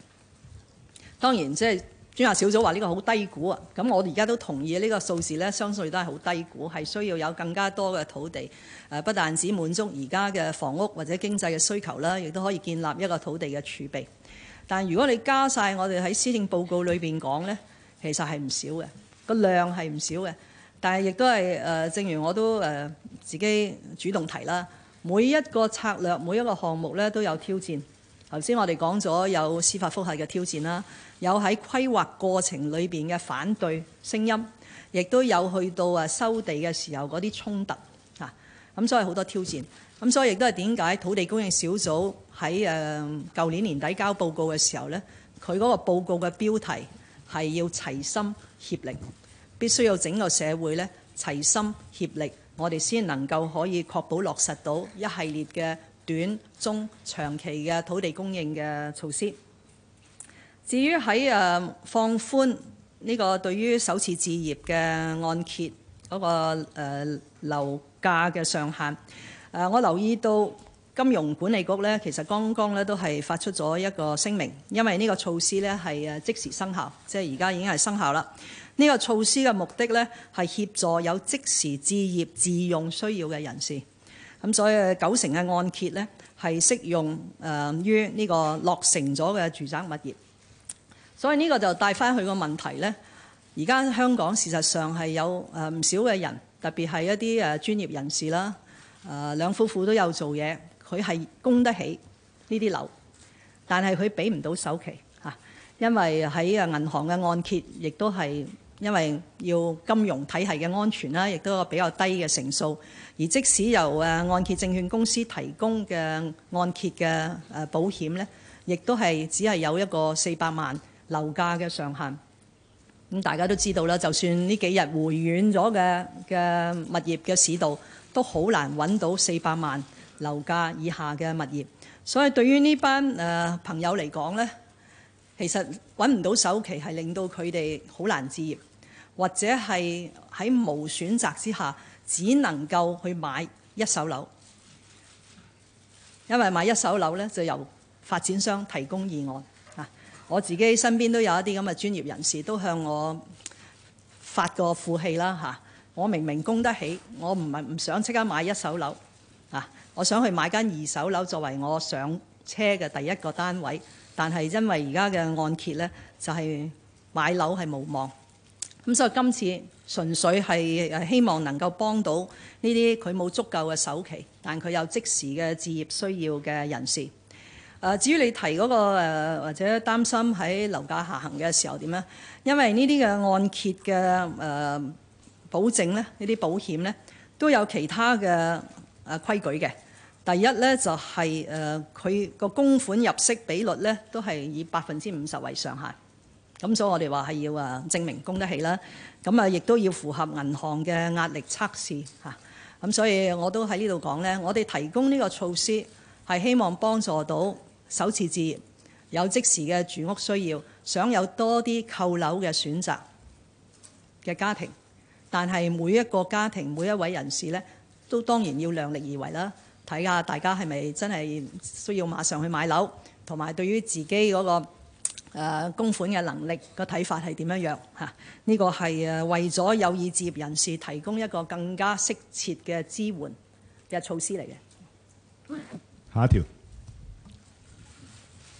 當然，即係專家小組話呢個好低估啊！咁我哋而家都同意呢個數字咧，相信都係好低估，係需要有更加多嘅土地。誒，不但止滿足而家嘅房屋或者經濟嘅需求啦，亦都可以建立一個土地嘅儲備。但如果你加晒我哋喺施政報告裏邊講呢，其實係唔少嘅，個量係唔少嘅。但係亦都係誒，正如我都誒自己主動提啦，每一個策略、每一個項目呢都有挑戰。頭先我哋講咗有司法覆核嘅挑戰啦。有喺規劃過程裏邊嘅反對聲音，亦都有去到啊收地嘅時候嗰啲衝突啊，咁所以好多挑戰，咁所以亦都係點解土地供應小組喺誒舊年年底交報告嘅時候呢，佢嗰個報告嘅標題係要齊心協力，必須要整個社會呢齊心協力，我哋先能夠可以確保落實到一系列嘅短、中、長期嘅土地供應嘅措施。至於喺誒放寬呢個對於首次置業嘅按揭嗰個誒樓價嘅上限，誒我留意到金融管理局呢，其實剛剛咧都係發出咗一個聲明，因為呢個措施呢係即時生效，即係而家已經係生效啦。呢個措施嘅目的呢係協助有即時置業自用需要嘅人士，咁所以九成嘅按揭呢係適用誒於呢個落成咗嘅住宅物業。所以呢個就帶翻佢個問題呢。而家香港事實上係有誒唔少嘅人，特別係一啲誒專業人士啦。誒兩夫婦都有做嘢，佢係供得起呢啲樓，但係佢俾唔到首期嚇，因為喺誒銀行嘅按揭，亦都係因為要金融體系嘅安全啦，亦都比較低嘅成數。而即使由誒按揭證券公司提供嘅按揭嘅誒保險呢，亦都係只係有一個四百萬。樓價嘅上限，咁大家都知道啦。就算呢幾日回軟咗嘅嘅物業嘅市道，都好難揾到四百萬樓價以下嘅物業。所以對於呢班誒、呃、朋友嚟講呢，其實揾唔到首期係令到佢哋好難置業，或者係喺無選擇之下只能夠去買一手樓，因為買一手樓呢就由發展商提供意外。我自己身邊都有一啲咁嘅專業人士，都向我發過負氣啦嚇！我明明供得起，我唔係唔想即刻買一手樓啊！我想去買間二手樓作為我上車嘅第一個單位，但係因為而家嘅按揭呢，就係買樓係無望。咁所以今次純粹係希望能夠幫到呢啲佢冇足夠嘅首期，但佢有即時嘅置業需要嘅人士。誒，至於你提嗰個誒，或者擔心喺樓價下行嘅時候點呢？因為呢啲嘅按揭嘅誒保證呢，呢啲保險呢，都有其他嘅誒規矩嘅。第一呢，就係誒，佢個供款入息比率呢，都係以百分之五十為上限。咁所以我哋話係要誒證明供得起啦。咁啊，亦都要符合銀行嘅壓力測試嚇。咁所以我都喺呢度講呢，我哋提供呢個措施係希望幫助到。首次置業有即時嘅住屋需要，想有多啲購樓嘅選擇嘅家庭，但係每一個家庭、每一位人士呢，都當然要量力而為啦。睇下大家係咪真係需要馬上去買樓，同埋對於自己嗰個、呃、供款嘅能力嘅睇法係點樣樣嚇？呢個係誒為咗有意置業人士提供一個更加適切嘅支援嘅措施嚟嘅。下一條。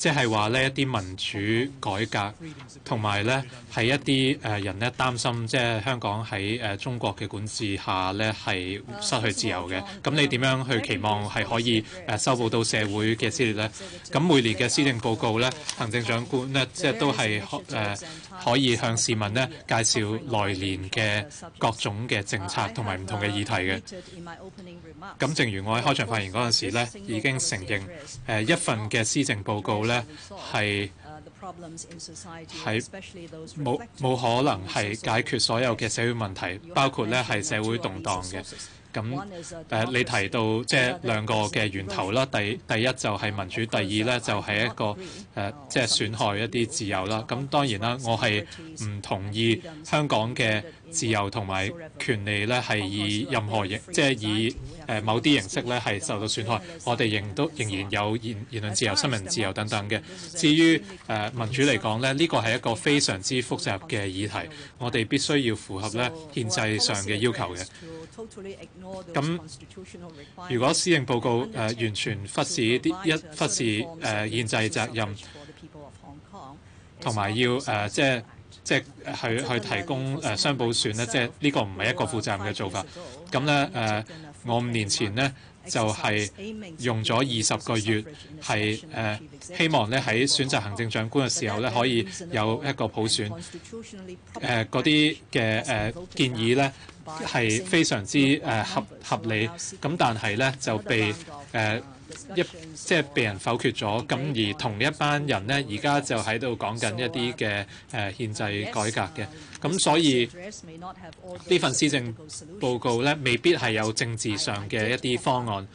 即係話咧一啲民主改革，同埋咧係一啲誒人咧擔心，即係香港喺誒中國嘅管治下咧係失去自由嘅。咁你點樣去期望係可以誒修補到社會嘅撕裂咧？咁每年嘅施政報告咧，行政長官咧即係都係誒可以向市民咧介紹來年嘅各種嘅政策同埋唔同嘅議題嘅。咁正如我喺開場發言嗰陣時咧，已經承認誒一份嘅施政報告咧。呢係冇冇可能係解決所有嘅社會問題，包括呢係社會動盪嘅。咁誒、啊，你提到即係、就是、兩個嘅源頭啦。第第一就係民主，第二呢就係、是、一個誒，即、啊、係、就是、損害一啲自由啦。咁當然啦，我係唔同意香港嘅。自由同埋權利咧，係以任何形，即係以誒某啲形式咧，係受到損害。我哋仍都仍然有言言論自由、新聞自由等等嘅。至於誒民主嚟講咧，呢個係一個非常之複雜嘅議題。我哋必須要符合咧憲制上嘅要求嘅。咁如果施政報告誒完全忽視啲一忽視誒憲制責任，同埋要誒即係。即係去去提供誒、啊、雙普選呢，即係呢個唔係一個負責任嘅做法。咁呢，誒、啊，我五年前呢就係、是、用咗二十個月係誒、啊，希望呢喺選擇行政長官嘅時候呢，可以有一個普選。誒嗰啲嘅誒建議呢係非常之誒、啊、合合理。咁、啊、但係呢，就被誒。啊一即係被人否決咗，咁而同一班人呢，而家就喺度講緊一啲嘅誒憲制改革嘅，咁所以呢份施政報告呢，未必係有政治上嘅一啲方案。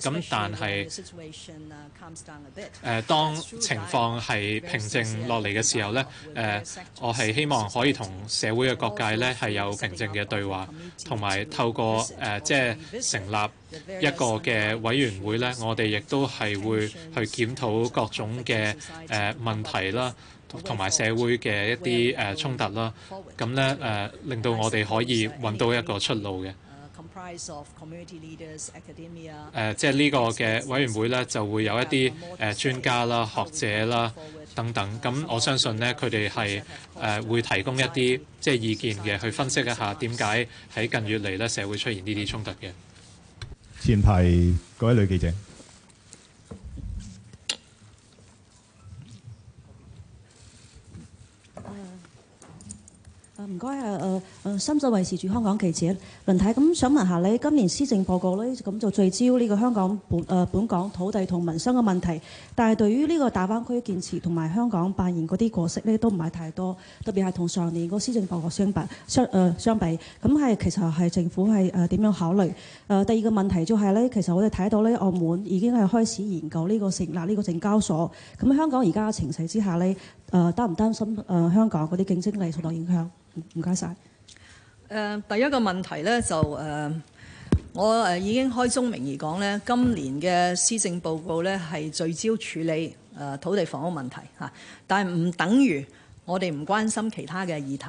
咁、嗯、但係誒、呃，當情況係平靜落嚟嘅時候咧，誒、呃，我係希望可以同社會嘅各界咧係有平靜嘅對話，同埋透過誒即係成立一個嘅委員會咧，我哋亦都係會去檢討各種嘅誒、呃、問題啦，同埋社會嘅一啲誒、呃、衝突啦，咁咧誒令到我哋可以搵到一個出路嘅。誒、呃，即係呢個嘅委員會呢，就會有一啲誒專家啦、學者啦等等。咁我相信呢，佢哋係誒會提供一啲即係意見嘅，去分析一下點解喺近月嚟呢社會出現呢啲衝突嘅。前排各位女記者。唔該、呃、深圳衛視駐香港記者林太。咁，想問下你今年施政報告咧，咁就聚焦呢個香港本誒、呃、本港土地同民生嘅問題。但係對於呢個大灣區建設同埋香港扮演嗰啲角色呢都唔係太多。特別係同上年個施政報告相比相、呃、相比，係其實係政府係點、呃、樣考慮、呃？第二個問題就係其實我哋睇到呢澳門已經係開始研究呢個成立呢個證交所。咁香港而家嘅情勢之下呢，呃、擔唔擔心、呃、香港嗰啲競爭力受到影響？唔該晒。誒，第一個問題呢，就誒，我誒已經開宗明義講呢，今年嘅施政報告呢，係聚焦處理誒土地房屋問題嚇，但係唔等於我哋唔關心其他嘅議題。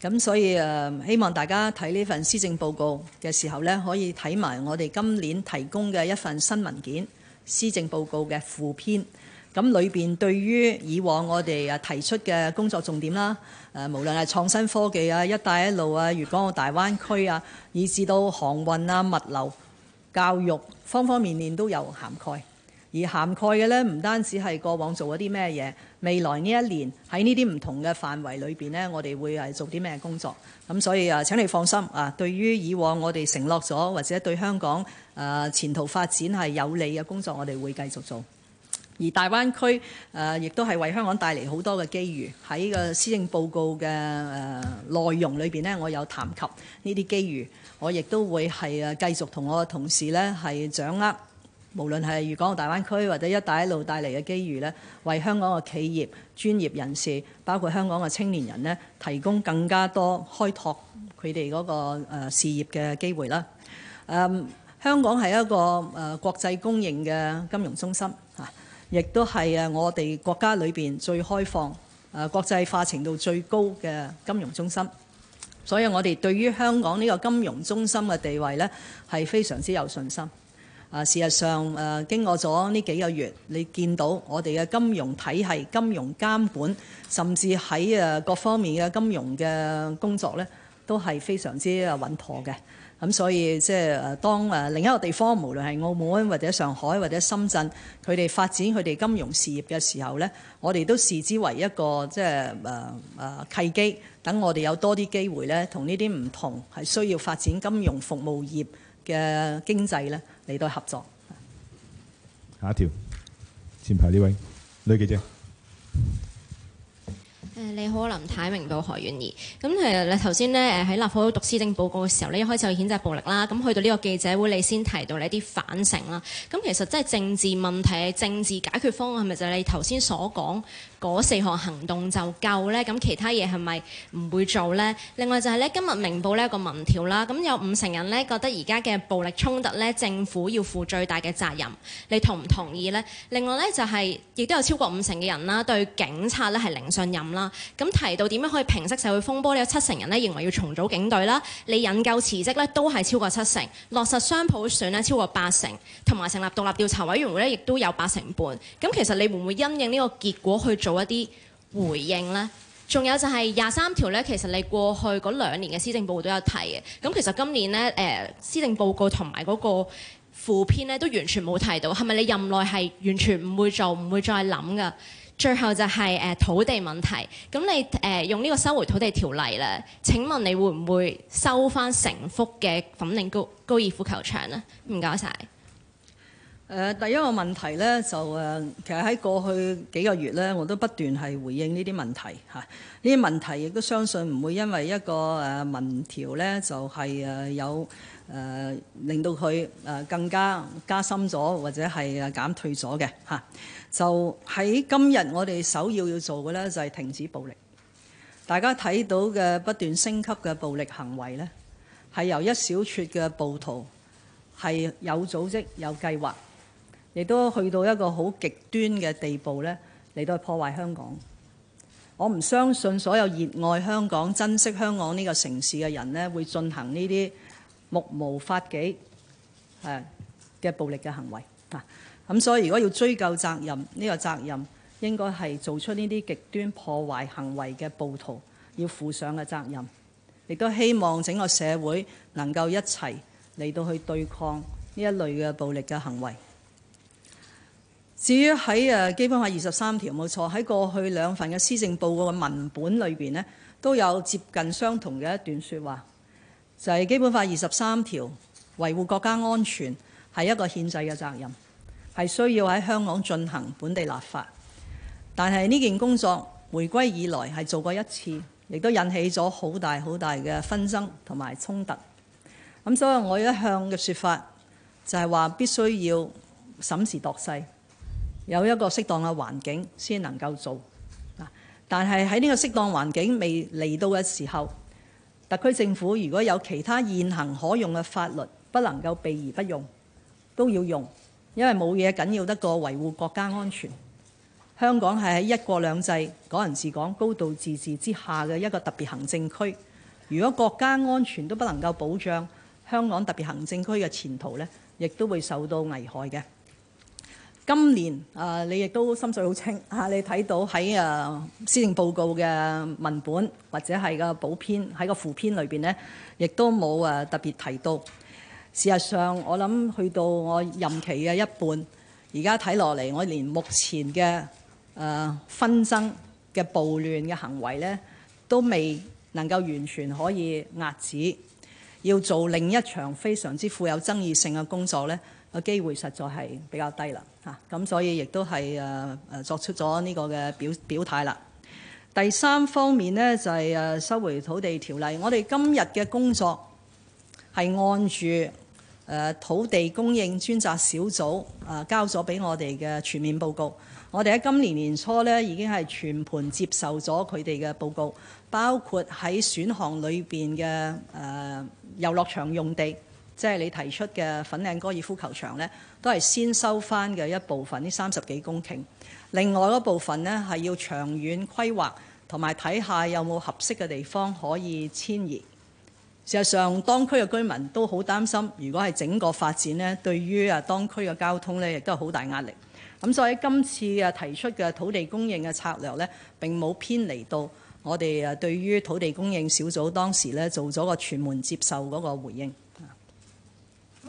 咁所以誒，希望大家睇呢份施政報告嘅時候呢，可以睇埋我哋今年提供嘅一份新文件——施政報告嘅附篇。咁裏邊對於以往我哋誒提出嘅工作重點啦。誒，無論係創新科技啊、一帶一路啊、粵港澳大灣區啊，以至到航運啊、物流、教育，方方面面都有涵蓋。而涵蓋嘅呢，唔單止係過往做咗啲咩嘢，未來呢一年喺呢啲唔同嘅範圍裏邊呢，我哋會係做啲咩工作？咁所以啊，請你放心啊，對於以往我哋承諾咗或者對香港誒前途發展係有利嘅工作，我哋會繼續做。而大灣區誒、呃、亦都係為香港帶嚟好多嘅機遇，喺個施政報告嘅誒、呃、內容裏邊呢，我有談及呢啲機遇。我亦都會係誒繼續同我嘅同事呢係掌握，無論係粵港澳大灣區或者一帶一路帶嚟嘅機遇呢，為香港嘅企業專業人士，包括香港嘅青年人呢，提供更加多開拓佢哋嗰個、呃、事業嘅機會啦。誒、呃，香港係一個誒、呃、國際公認嘅金融中心嚇。亦都係我哋國家裏面最開放誒、啊、國際化程度最高嘅金融中心，所以我哋對於香港呢個金融中心嘅地位呢，係非常之有信心。啊，事實上誒、啊、經過咗呢幾個月，你見到我哋嘅金融體系、金融監管，甚至喺、啊、各方面嘅金融嘅工作呢，都係非常之穩妥嘅。咁所以即係誒，當誒另一個地方，無論係澳門或者上海或者深圳，佢哋發展佢哋金融事業嘅時候咧，我哋都視之為一個即係誒誒契機，等我哋有多啲機會咧，同呢啲唔同係需要發展金融服務業嘅經濟咧嚟到合作。下一條，前排呢位女記者。你好，林太明報何婉儀。咁其實你頭先咧，誒喺立法會讀施政報告嘅時候你一開始有譴責暴力啦。咁去到呢個記者會，你先提到你一啲反省啦。咁其實即係政治問題，政治解決方案係咪就係你頭先所講嗰四項行動就夠呢？咁其他嘢係咪唔會做呢？另外就係咧，今日明報呢個民調啦，咁有五成人呢，覺得而家嘅暴力衝突呢，政府要負最大嘅責任，你同唔同意呢？另外呢，就係，亦都有超過五成嘅人啦，對警察呢係零信任啦。咁提到點樣可以平息社會風波呢？有七成人呢，認為要重組警隊啦，你引咎辭職呢，都係超過七成，落實雙普選呢，超過八成，同埋成立獨立調查委員會呢，亦都有八成半。咁其實你會唔會因應呢個結果去做？做一啲回應啦。仲有就係廿三條咧，其實你過去嗰兩年嘅施政報告都有提嘅，咁其實今年咧，誒、呃、施政報告同埋嗰個附篇咧都完全冇提到，係咪你任內係完全唔會做，唔會再諗噶？最後就係、是、誒、呃、土地問題，咁你誒、呃、用呢個收回土地條例咧？請問你會唔會收翻成幅嘅粉嶺高高爾夫球場咧？唔該晒。誒、呃、第一個問題呢，就誒、呃、其實喺過去幾個月呢，我都不斷係回應呢啲問題嚇。呢、啊、啲問題亦都相信唔會因為一個誒民調呢，就係、是、誒有誒、呃、令到佢誒更加加深咗或者係誒減退咗嘅嚇。就喺今日我哋首要要做嘅呢，就係停止暴力。大家睇到嘅不斷升級嘅暴力行為呢，係由一小撮嘅暴徒係有組織、有計劃。亦都去到一個好極端嘅地步呢，嚟到去破壞香港。我唔相信所有熱愛香港、珍惜香港呢個城市嘅人呢，會進行呢啲目無法紀嘅暴力嘅行為。咁所以，如果要追究責任，呢個責任應該係做出呢啲極端破壞行為嘅暴徒要負上嘅責任。亦都希望整個社會能夠一齊嚟到去對抗呢一類嘅暴力嘅行為。至於喺誒《基本法》二十三條，冇錯，喺過去兩份嘅施政報告嘅文本裏面都有接近相同嘅一段說話，就係《基本法》二十三條維護國家安全係一個憲制嘅責任，係需要喺香港進行本地立法。但係呢件工作，回歸以來係做過一次，亦都引起咗好大好大嘅紛爭同埋衝突。咁所以我一向嘅說法就係話必須要審時度勢。有一個適當嘅環境先能夠做，但係喺呢個適當環境未嚟到嘅時候，特區政府如果有其他現行可用嘅法律不能夠避而不用，都要用，因為冇嘢緊要得過維護國家安全。香港係喺一國兩制、港人治港、高度自治之下嘅一個特別行政區。如果國家安全都不能夠保障，香港特別行政區嘅前途呢，亦都會受到危害嘅。今年啊，你亦都心水好清嚇，你睇到喺啊施政報告嘅文本或者係個補編喺個附編裏邊呢，亦都冇啊特別提到。事實上，我諗去到我任期嘅一半，而家睇落嚟，我連目前嘅誒紛爭嘅暴亂嘅行為呢，都未能夠完全可以壓止，要做另一場非常之富有爭議性嘅工作呢。個機會實在係比較低啦嚇，咁所以亦都係誒誒作出咗呢個嘅表表態啦。第三方面呢，就係誒收回土地條例，我哋今日嘅工作係按住誒土地供應專責小組啊交咗俾我哋嘅全面報告，我哋喺今年年初呢已經係全盤接受咗佢哋嘅報告，包括喺選項裏邊嘅誒遊樂場用地。即係你提出嘅粉嶺高爾夫球場呢，都係先收翻嘅一部分，呢三十幾公頃。另外嗰部分呢，係要長遠規劃，同埋睇下有冇合適嘅地方可以遷移。事實上，當區嘅居民都好擔心，如果係整個發展呢，對於啊當區嘅交通呢，亦都係好大壓力。咁所以今次嘅提出嘅土地供應嘅策略呢，並冇偏離到我哋啊，對於土地供應小組當時呢，做咗個全門接受嗰個回應。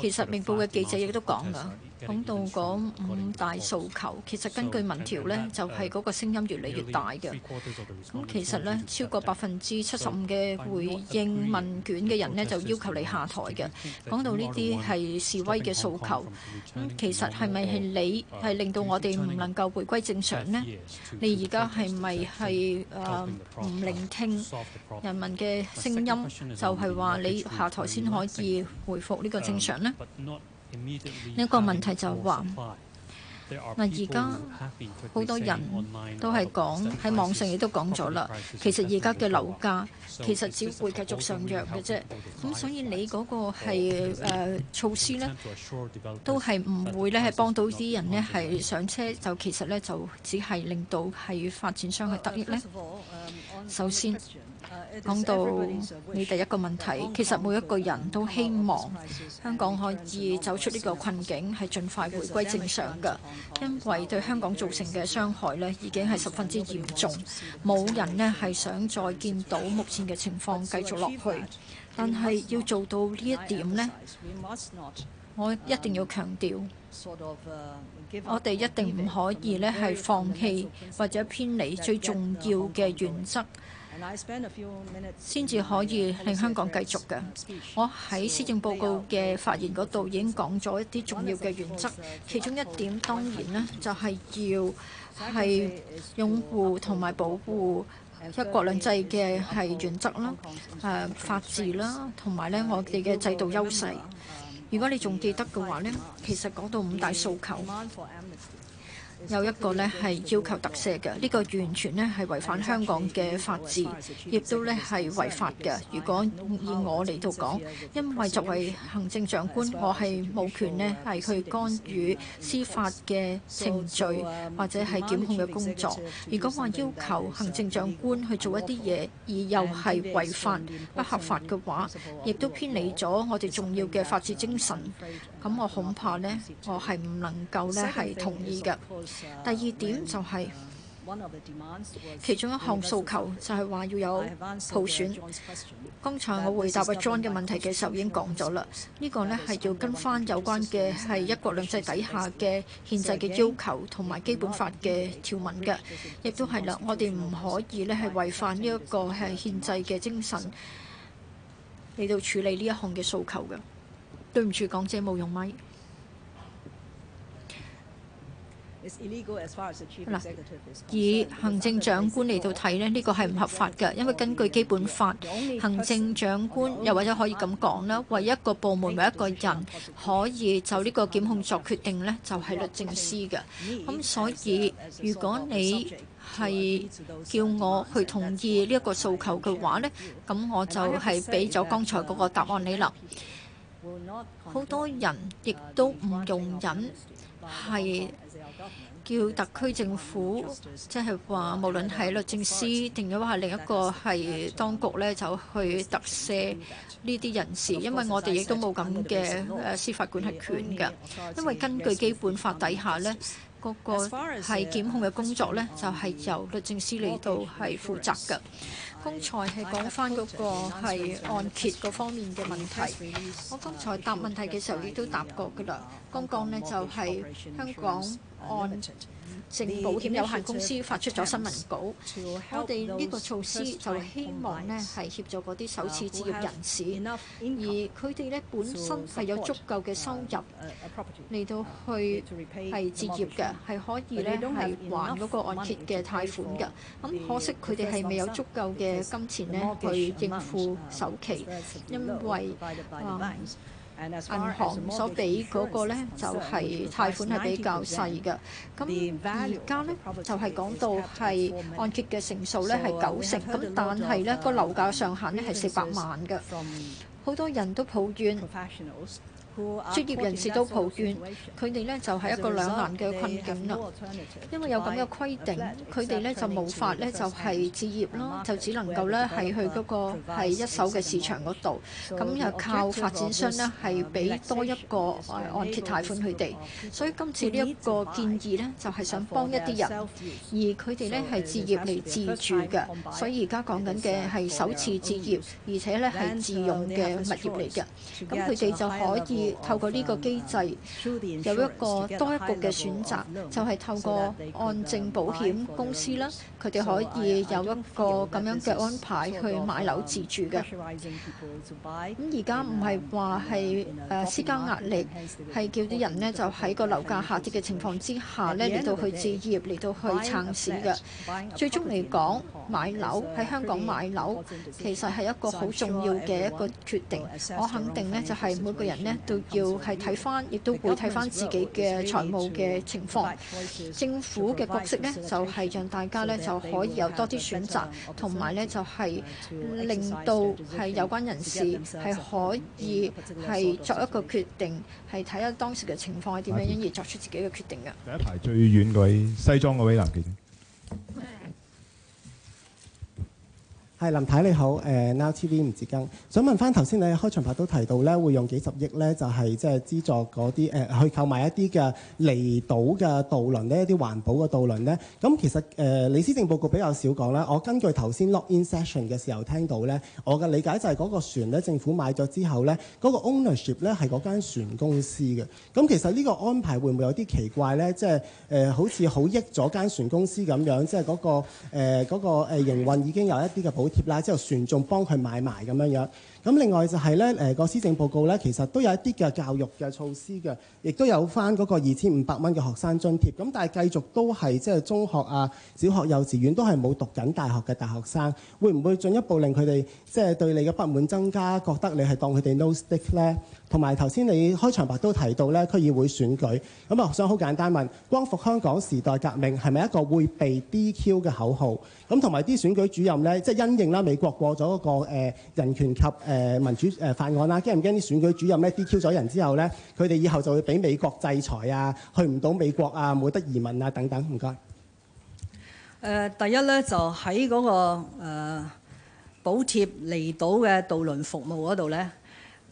其實明報嘅記者亦都講噶。講到嗰五大訴求，其實根據民調呢，就係、是、嗰個聲音越嚟越大嘅。咁其實呢，超過百分之七十五嘅回應問卷嘅人呢，就要求你下台嘅。講到呢啲係示威嘅訴求，咁其實係咪係你係令到我哋唔能夠回歸正常呢？你而家係咪係誒唔聆聽人民嘅聲音？就係、是、話你下台先可以回復呢個正常呢？呢個問題就話嗱，而家好多人都係講喺網上亦都講咗啦。其實而家嘅樓價其實只會繼續上揚嘅啫。咁所以你嗰個係、啊、措施呢，都係唔會呢幫到啲人呢係上車。就其實呢就只係令到係發展商去得益呢。首先。講到你第一個問題，其實每一個人都希望香港可以走出呢個困境，係盡快回歸正常㗎。因為對香港造成嘅傷害呢已經係十分之嚴重，冇人呢係想再見到目前嘅情況繼續落去。但係要做到呢一點呢，我一定要強調，我哋一定唔可以呢係放棄或者偏離最重要嘅原則。先至可以令香港繼續嘅。我喺施政報告嘅發言嗰度已經講咗一啲重要嘅原則，其中一點當然呢，就係要係擁護同埋保護一國兩制嘅係原則啦、誒、啊、法治啦，同埋呢我哋嘅制度優勢。如果你仲記得嘅話呢，其實講到五大訴求。有一個呢係要求特赦嘅，呢個完全呢係違反香港嘅法治，亦都呢係違法嘅。如果以我嚟到講，因為作為行政長官，我係冇權呢係去干預司法嘅程序或者係檢控嘅工作。如果話要求行政長官去做一啲嘢，而又係違法不合法嘅話，亦都偏離咗我哋重要嘅法治精神。咁、嗯、我恐怕呢，我係唔能夠呢，係同意嘅。第二點就係、是、其中一項訴求就係話要有普選。剛才我回答阿 John 嘅問題嘅時候已經講咗啦，呢、這個呢，係要跟返有關嘅係一國兩制底下嘅憲制嘅要求同埋基本法嘅條文嘅，亦都係啦，我哋唔可以呢，係違反呢一個係憲制嘅精神嚟到處理呢一項嘅訴求嘅。對唔住，講者冇用咪嗱，以行政長官嚟到睇呢，呢個係唔合法嘅，因為根據基本法，行政長官又或者可以咁講啦，唯一個部門唯一個人可以就呢個檢控作決定呢，就係律政司嘅。咁所以如果你係叫我去同意呢一個訴求嘅話呢，咁我就係俾咗剛才嗰個答案你啦。好多人亦都唔容忍，係叫特區政府即係話，無論係律政司定咗話另一個係當局呢，就去特赦呢啲人士，因為我哋亦都冇咁嘅誒司法管轄權㗎，因為根據基本法底下呢，嗰個係檢控嘅工作呢，就係由律政司嚟到係負責㗎。剛才係講返嗰個係按揭嗰方面嘅問題，我剛才答問題嘅時候亦都答過㗎喇，剛剛呢就係香港按正保險有限公司發出咗新聞稿，我哋呢個措施就希望呢係協助嗰啲首次置業人士，而佢哋呢本身係有足夠嘅收入嚟到去係置業嘅，係可以呢係還嗰個按揭嘅貸款嘅。咁可惜佢哋係未有足夠嘅金錢呢去應付首期，因為，啊銀行所俾嗰個咧就係、是、貸款係比較細嘅，咁而家咧就係、是、講到係按揭嘅成數咧係九成，咁但係咧個樓價上限咧係四百萬嘅，好多人都抱怨。專業人士都抱怨，佢哋呢就係一個兩難嘅困境啦。因為有咁嘅規定，佢哋呢就冇法呢就係置業啦，就只能夠呢係去嗰個係一手嘅市場嗰度，咁又靠發展商呢係俾多一個按揭貸款佢哋。所以今次呢一個建議呢就係想幫一啲人，而佢哋呢係置業嚟自住嘅，所以而家講緊嘅係首次置業，而且呢係自用嘅物業嚟嘅，咁佢哋就可以。透過呢個機制，有一個多一步嘅選擇，就係、是、透過按證保險公司啦，佢哋可以有一個咁樣嘅安排去買樓自住嘅。咁而家唔係話係誒施加壓力，係叫啲人呢就喺個樓價下跌嘅情況之下呢，嚟到去置業，嚟到去撐市嘅。最終嚟講，買樓，喺香港買樓其實係一個好重要嘅一個決定。我肯定呢就係每個人呢。就要係睇翻，亦都會睇翻自己嘅財務嘅情況。政府嘅角色呢，就係讓大家呢就可以有多啲選擇，同埋呢就係令到係有關人士係可以係作一個決定，係睇下當時嘅情況係點樣，因而作出自己嘅決定嘅。第一排最遠嗰位西裝嗰位男記者。.係林太你好，Now TV 吳志庚，想問翻頭先你開場白都提到咧，會用幾十億咧，就係即係資助嗰啲、呃、去購買一啲嘅離島嘅渡輪呢一啲環保嘅渡輪咧。咁、嗯、其實誒李、呃、思政報告比較少講啦。我根據頭先 lock in session 嘅時候聽到咧，我嘅理解就係嗰個船咧，政府買咗之後咧，嗰、那個 ownership 咧係嗰間船公司嘅。咁、嗯、其實呢個安排會唔會有啲奇怪咧？即、就、係、是呃、好似好益咗間船公司咁樣，即係嗰個營運、呃那個、已經有一啲嘅保貼啦，之後船仲幫佢買埋咁樣樣。咁另外就係、是、咧，誒、那個施政報告咧，其實都有一啲嘅教育嘅措施嘅，亦都有返嗰個二千五百蚊嘅學生津貼。咁但係繼續都係即係中學啊、小學、幼稚園都係冇讀緊大學嘅大學生，會唔會進一步令佢哋即係對你嘅不滿增加，覺得你係當佢哋 no stick 咧？同埋頭先你開場白都提到咧區議會選舉，咁我想好簡單問：光復香港時代革命係咪一個會被 DQ 嘅口號？咁同埋啲選舉主任咧，即係因應啦美國過咗一個人權及誒民主誒法案啦，驚唔驚啲選舉主任咧 DQ 咗人之後咧，佢哋以後就會俾美國制裁啊，去唔到美國啊，冇得移民啊等等？唔該。誒、呃，第一咧就喺嗰、那個誒、呃、補貼離島嘅渡輪服務嗰度咧。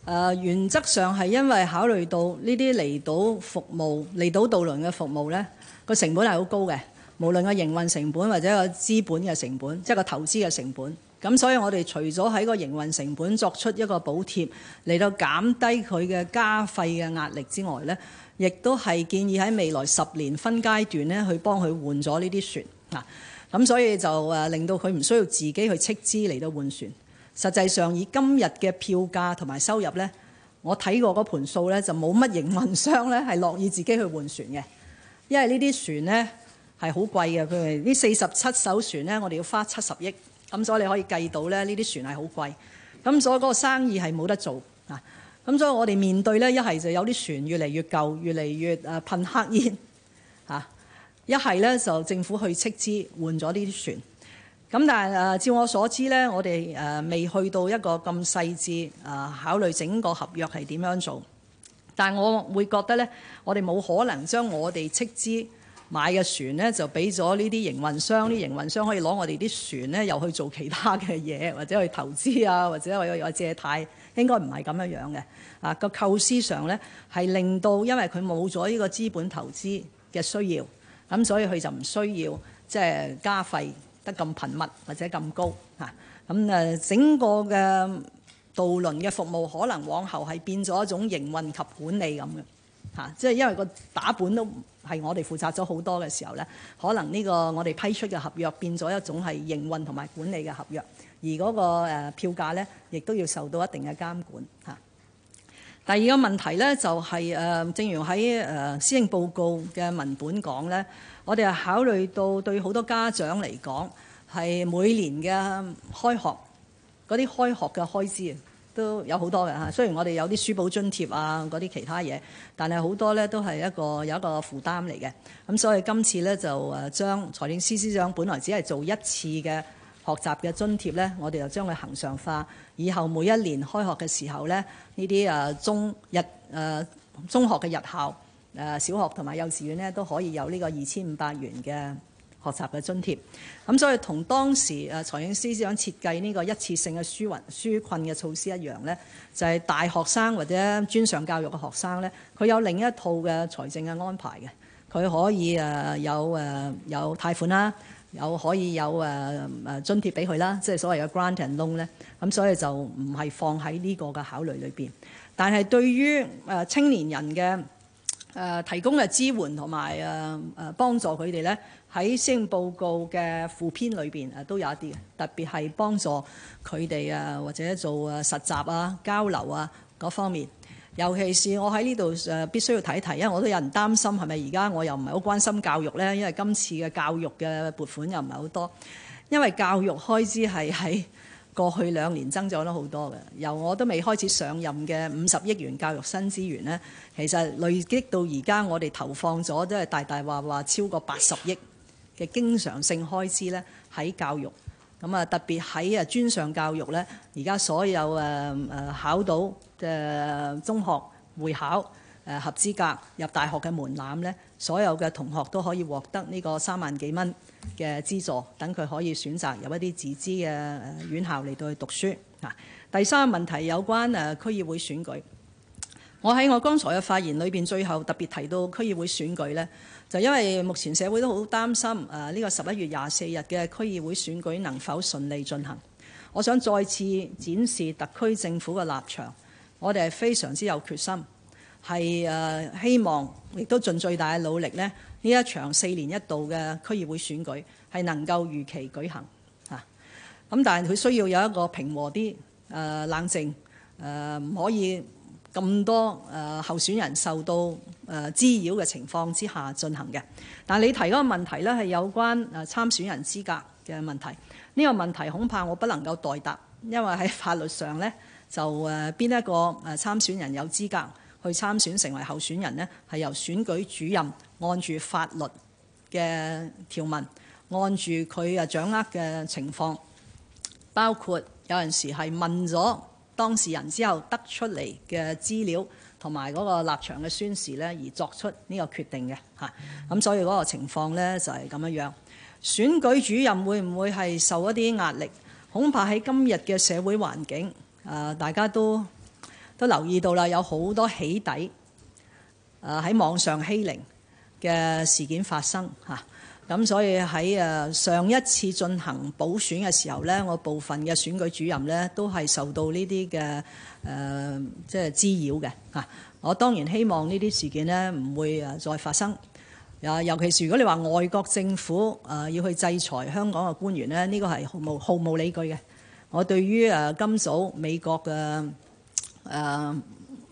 誒原則上係因為考慮到呢啲離島服務、離島渡輪嘅服務呢，個成本係好高嘅，無論個營運成本或者個資本嘅成本，即係個投資嘅成本。咁所以我哋除咗喺個營運成本作出一個補貼，嚟到減低佢嘅加費嘅壓力之外，呢亦都係建議喺未來十年分階段呢去幫佢換咗呢啲船嗱。咁所以就誒令到佢唔需要自己去斥資嚟到換船。實際上以今日嘅票價同埋收入呢，我睇過嗰盤數呢就冇乜營運商呢係樂意自己去換船嘅，因為呢啲船呢係好貴嘅，佢哋呢四十七艘船呢，我哋要花七十億，咁所以你可以計到呢呢啲船係好貴，咁所以嗰個生意係冇得做啊，咁所以我哋面對呢，一係就有啲船越嚟越舊，越嚟越誒噴黑煙，嚇，一係呢，就政府去斥資換咗呢啲船。咁但係誒、啊，照我所知呢，我哋誒、啊、未去到一個咁細緻誒、啊、考慮整個合約係點樣做。但係我會覺得呢，我哋冇可能將我哋斥資買嘅船呢就俾咗呢啲營運商，呢啲營運商可以攞我哋啲船呢又去做其他嘅嘢，或者去投資啊，或者我我借貸，應該唔係咁樣樣嘅。啊，個構思上呢，係令到因為佢冇咗呢個資本投資嘅需要，咁所以佢就唔需要即係、就是、加費。得咁頻密或者咁高吓。咁誒，整個嘅渡輪嘅服務可能往後係變咗一種營運及管理咁嘅吓，即係因為個打本都係我哋負責咗好多嘅時候呢，可能呢個我哋批出嘅合約變咗一種係營運同埋管理嘅合約，而嗰個誒票價呢亦都要受到一定嘅監管吓第二個問題呢、就係，就係正如喺誒施政報告嘅文本講呢，我哋係考慮到對好多家長嚟講，係每年嘅開學嗰啲開學嘅開支啊，都有好多嘅嚇。雖然我哋有啲書簿津貼啊，嗰啲其他嘢，但係好多呢都係一個有一個負擔嚟嘅。咁所以今次呢，就將財政司司長本來只係做一次嘅學習嘅津貼呢，我哋就將佢恒常化。以後每一年開學嘅時候呢，呢啲誒中日誒、啊、中學嘅日校誒、啊、小學同埋幼稚園咧都可以有呢個二千五百元嘅學習嘅津貼。咁所以同當時誒、啊、財政司司長設計呢個一次性嘅紓緩紓困嘅措施一樣呢，就係、是、大學生或者專上教育嘅學生呢，佢有另一套嘅財政嘅安排嘅，佢可以誒、啊、有誒、啊、有貸款啦。有可以有誒津貼俾佢啦，即係所謂嘅 grant and loan 咧，咁所以就唔係放喺呢個嘅考慮裏邊。但係對於誒青年人嘅誒提供嘅支援同埋誒誒幫助佢哋呢，喺施政報告嘅附篇裏邊誒都有一啲嘅，特別係幫助佢哋啊或者做誒實習啊交流啊嗰方面。尤其是我喺呢度誒，必須要提一提，因為我都有人擔心係咪而家我又唔係好關心教育呢？因為今次嘅教育嘅撥款又唔係好多，因為教育開支係喺過去兩年增長咗好多嘅。由我都未開始上任嘅五十億元教育新資源呢，其實累積到而家我哋投放咗都係大大話話超過八十億嘅經常性開支呢喺教育。咁啊，特別喺啊專上教育呢，而家所有誒誒考到。嘅中學會考誒合資格入大學嘅門檻咧，所有嘅同學都可以獲得呢個三萬幾蚊嘅資助，等佢可以選擇入一啲自資嘅院校嚟到去讀書。第三個問題有關誒區議會選舉，我喺我剛才嘅發言裏邊最後特別提到區議會選舉，呢就因為目前社會都好擔心誒呢個十一月廿四日嘅區議會選舉能否順利進行。我想再次展示特區政府嘅立場。我哋係非常之有決心，係誒希望，亦都盡最大嘅努力咧，呢一場四年一度嘅區議會選舉係能夠如期舉行嚇。咁但係佢需要有一個平和啲誒冷靜誒，唔可以咁多誒候選人受到誒滋擾嘅情況之下進行嘅。但係你提嗰個問題咧，係有關誒參選人資格嘅問題。呢個問題恐怕我不能夠代答，因為喺法律上呢。就誒邊一個誒參選人有資格去參選成為候選人呢，係由選舉主任按住法律嘅條文，按住佢啊掌握嘅情況，包括有陣時係問咗當事人之後得出嚟嘅資料同埋嗰個立場嘅宣示呢，而作出呢個決定嘅吓咁。所以嗰個情況呢，就係咁樣樣。選舉主任會唔會係受一啲壓力？恐怕喺今日嘅社會環境。誒、呃，大家都都留意到啦，有好多起底、誒、呃、喺網上欺凌嘅事件發生嚇。咁、啊、所以喺誒、啊、上一次進行補選嘅時候呢，我部分嘅選舉主任呢都係受到呢啲嘅誒即係滋擾嘅嚇、啊。我當然希望呢啲事件呢唔會誒再發生。啊，尤其是如果你話外國政府誒、啊、要去制裁香港嘅官員呢，呢個係毫無毫無理據嘅。我對於誒今早美國嘅誒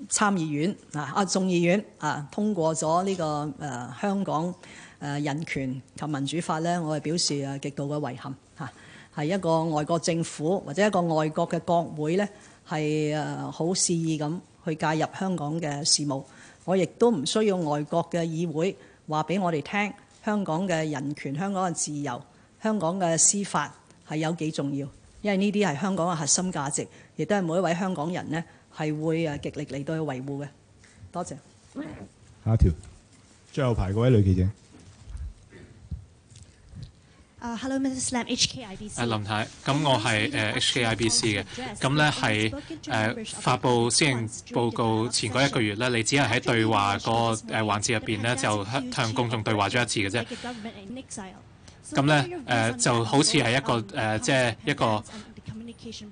參議院啊，啊眾議院啊通過咗呢個誒香港誒人權及民主法呢，我係表示誒極度嘅遺憾嚇。係一個外國政府或者一個外國嘅國會呢，係誒好肆意咁去介入香港嘅事務。我亦都唔需要外國嘅議會話俾我哋聽香港嘅人權、香港嘅自由、香港嘅司法係有幾重要。因為呢啲係香港嘅核心價值，亦都係每一位香港人咧係會誒極力嚟到去維護嘅。多謝。下條，最後排嗰位女記者。誒，Hello，Mrs. Lam，HKIBC。誒，林太，咁我係誒 HKIBC 嘅，咁咧係誒發佈施政報告前嗰一個月咧，你只係喺對話個誒環節入邊咧就向向公眾對話咗一次嘅啫。咁咧就好似係一個即係一個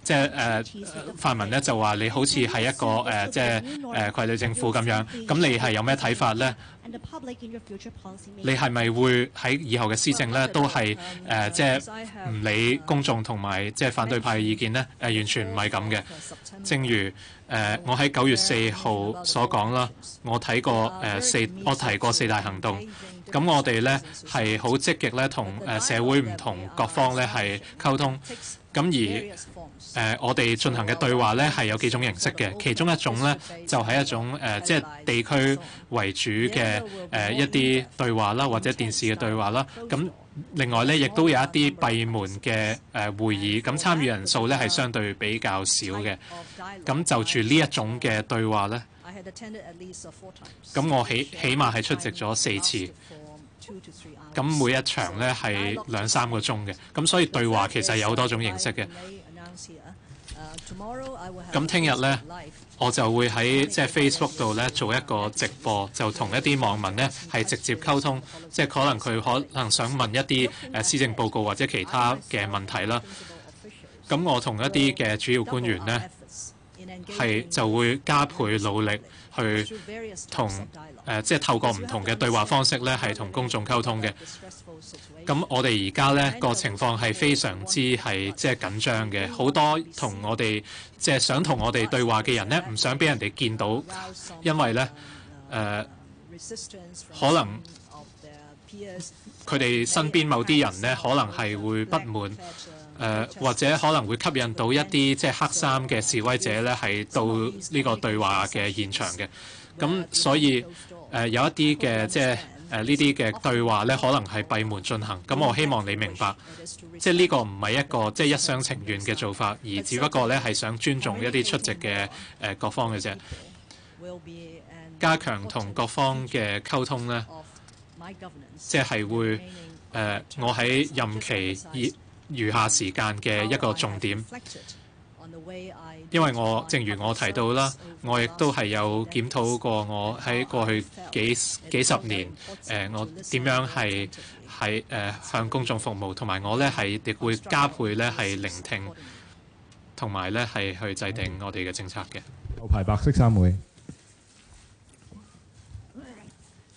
即係誒泛民咧、啊啊啊啊啊，就話你好似係一個即係誒傀儡政府咁樣。咁你係有咩睇法咧？你係咪會喺以後嘅施政咧都係即係唔理公眾同埋即係反對派嘅意見咧、啊？完全唔係咁嘅。正如我喺九月四號所講啦，我睇、啊、過、啊、四，我提過四大行動。咁我哋咧係好積極咧同誒社會唔同各方咧係溝通，咁而誒、呃、我哋進行嘅對話咧係有幾種形式嘅，其中一種咧就係、係、一種即係、呃就係、地區為主嘅、呃、一啲對話啦，或者電視嘅對話啦。咁另外咧亦都有一啲閉門嘅誒、呃、會議，咁參與人數咧係相對比較少嘅。咁就住呢一種嘅對話咧。咁我起起碼係出席咗四次，咁每一場呢係兩三個鐘嘅，咁所以對話其實有好多種形式嘅。咁聽日呢，我就會喺即係 Facebook 度呢做一個直播，就同一啲網民呢係直接溝通，即係可能佢可能想問一啲誒施政報告或者其他嘅問題啦。咁我同一啲嘅主要官員呢。係就會加倍努力去同誒，即係透過唔同嘅對話方式咧，係同公眾溝通嘅。咁我哋而家咧個情況係非常之係即係緊張嘅，好多同我哋即係想同我哋對話嘅人咧，唔想俾人哋見到，因為咧誒，可能佢哋身邊某啲人咧，可能係會不滿。誒、呃、或者可能會吸引到一啲即係黑衫嘅示威者咧，係到呢個對話嘅現場嘅。咁所以誒、呃、有一啲嘅即係誒呢啲嘅對話咧，可能係閉門進行。咁我希望你明白，即係呢個唔係一個即係一廂情願嘅做法，而只不過咧係想尊重一啲出席嘅誒、呃、各方嘅啫。加強同各方嘅溝通咧，即係會誒、呃、我喺任期以餘下時間嘅一個重點，因為我正如我提到啦，我亦都係有檢討過我喺過去幾幾十年，誒、呃，我點樣係係誒向公眾服務，同埋我呢係亦會加倍呢係聆聽，同埋呢係去制定我哋嘅政策嘅。有排白色衫妹。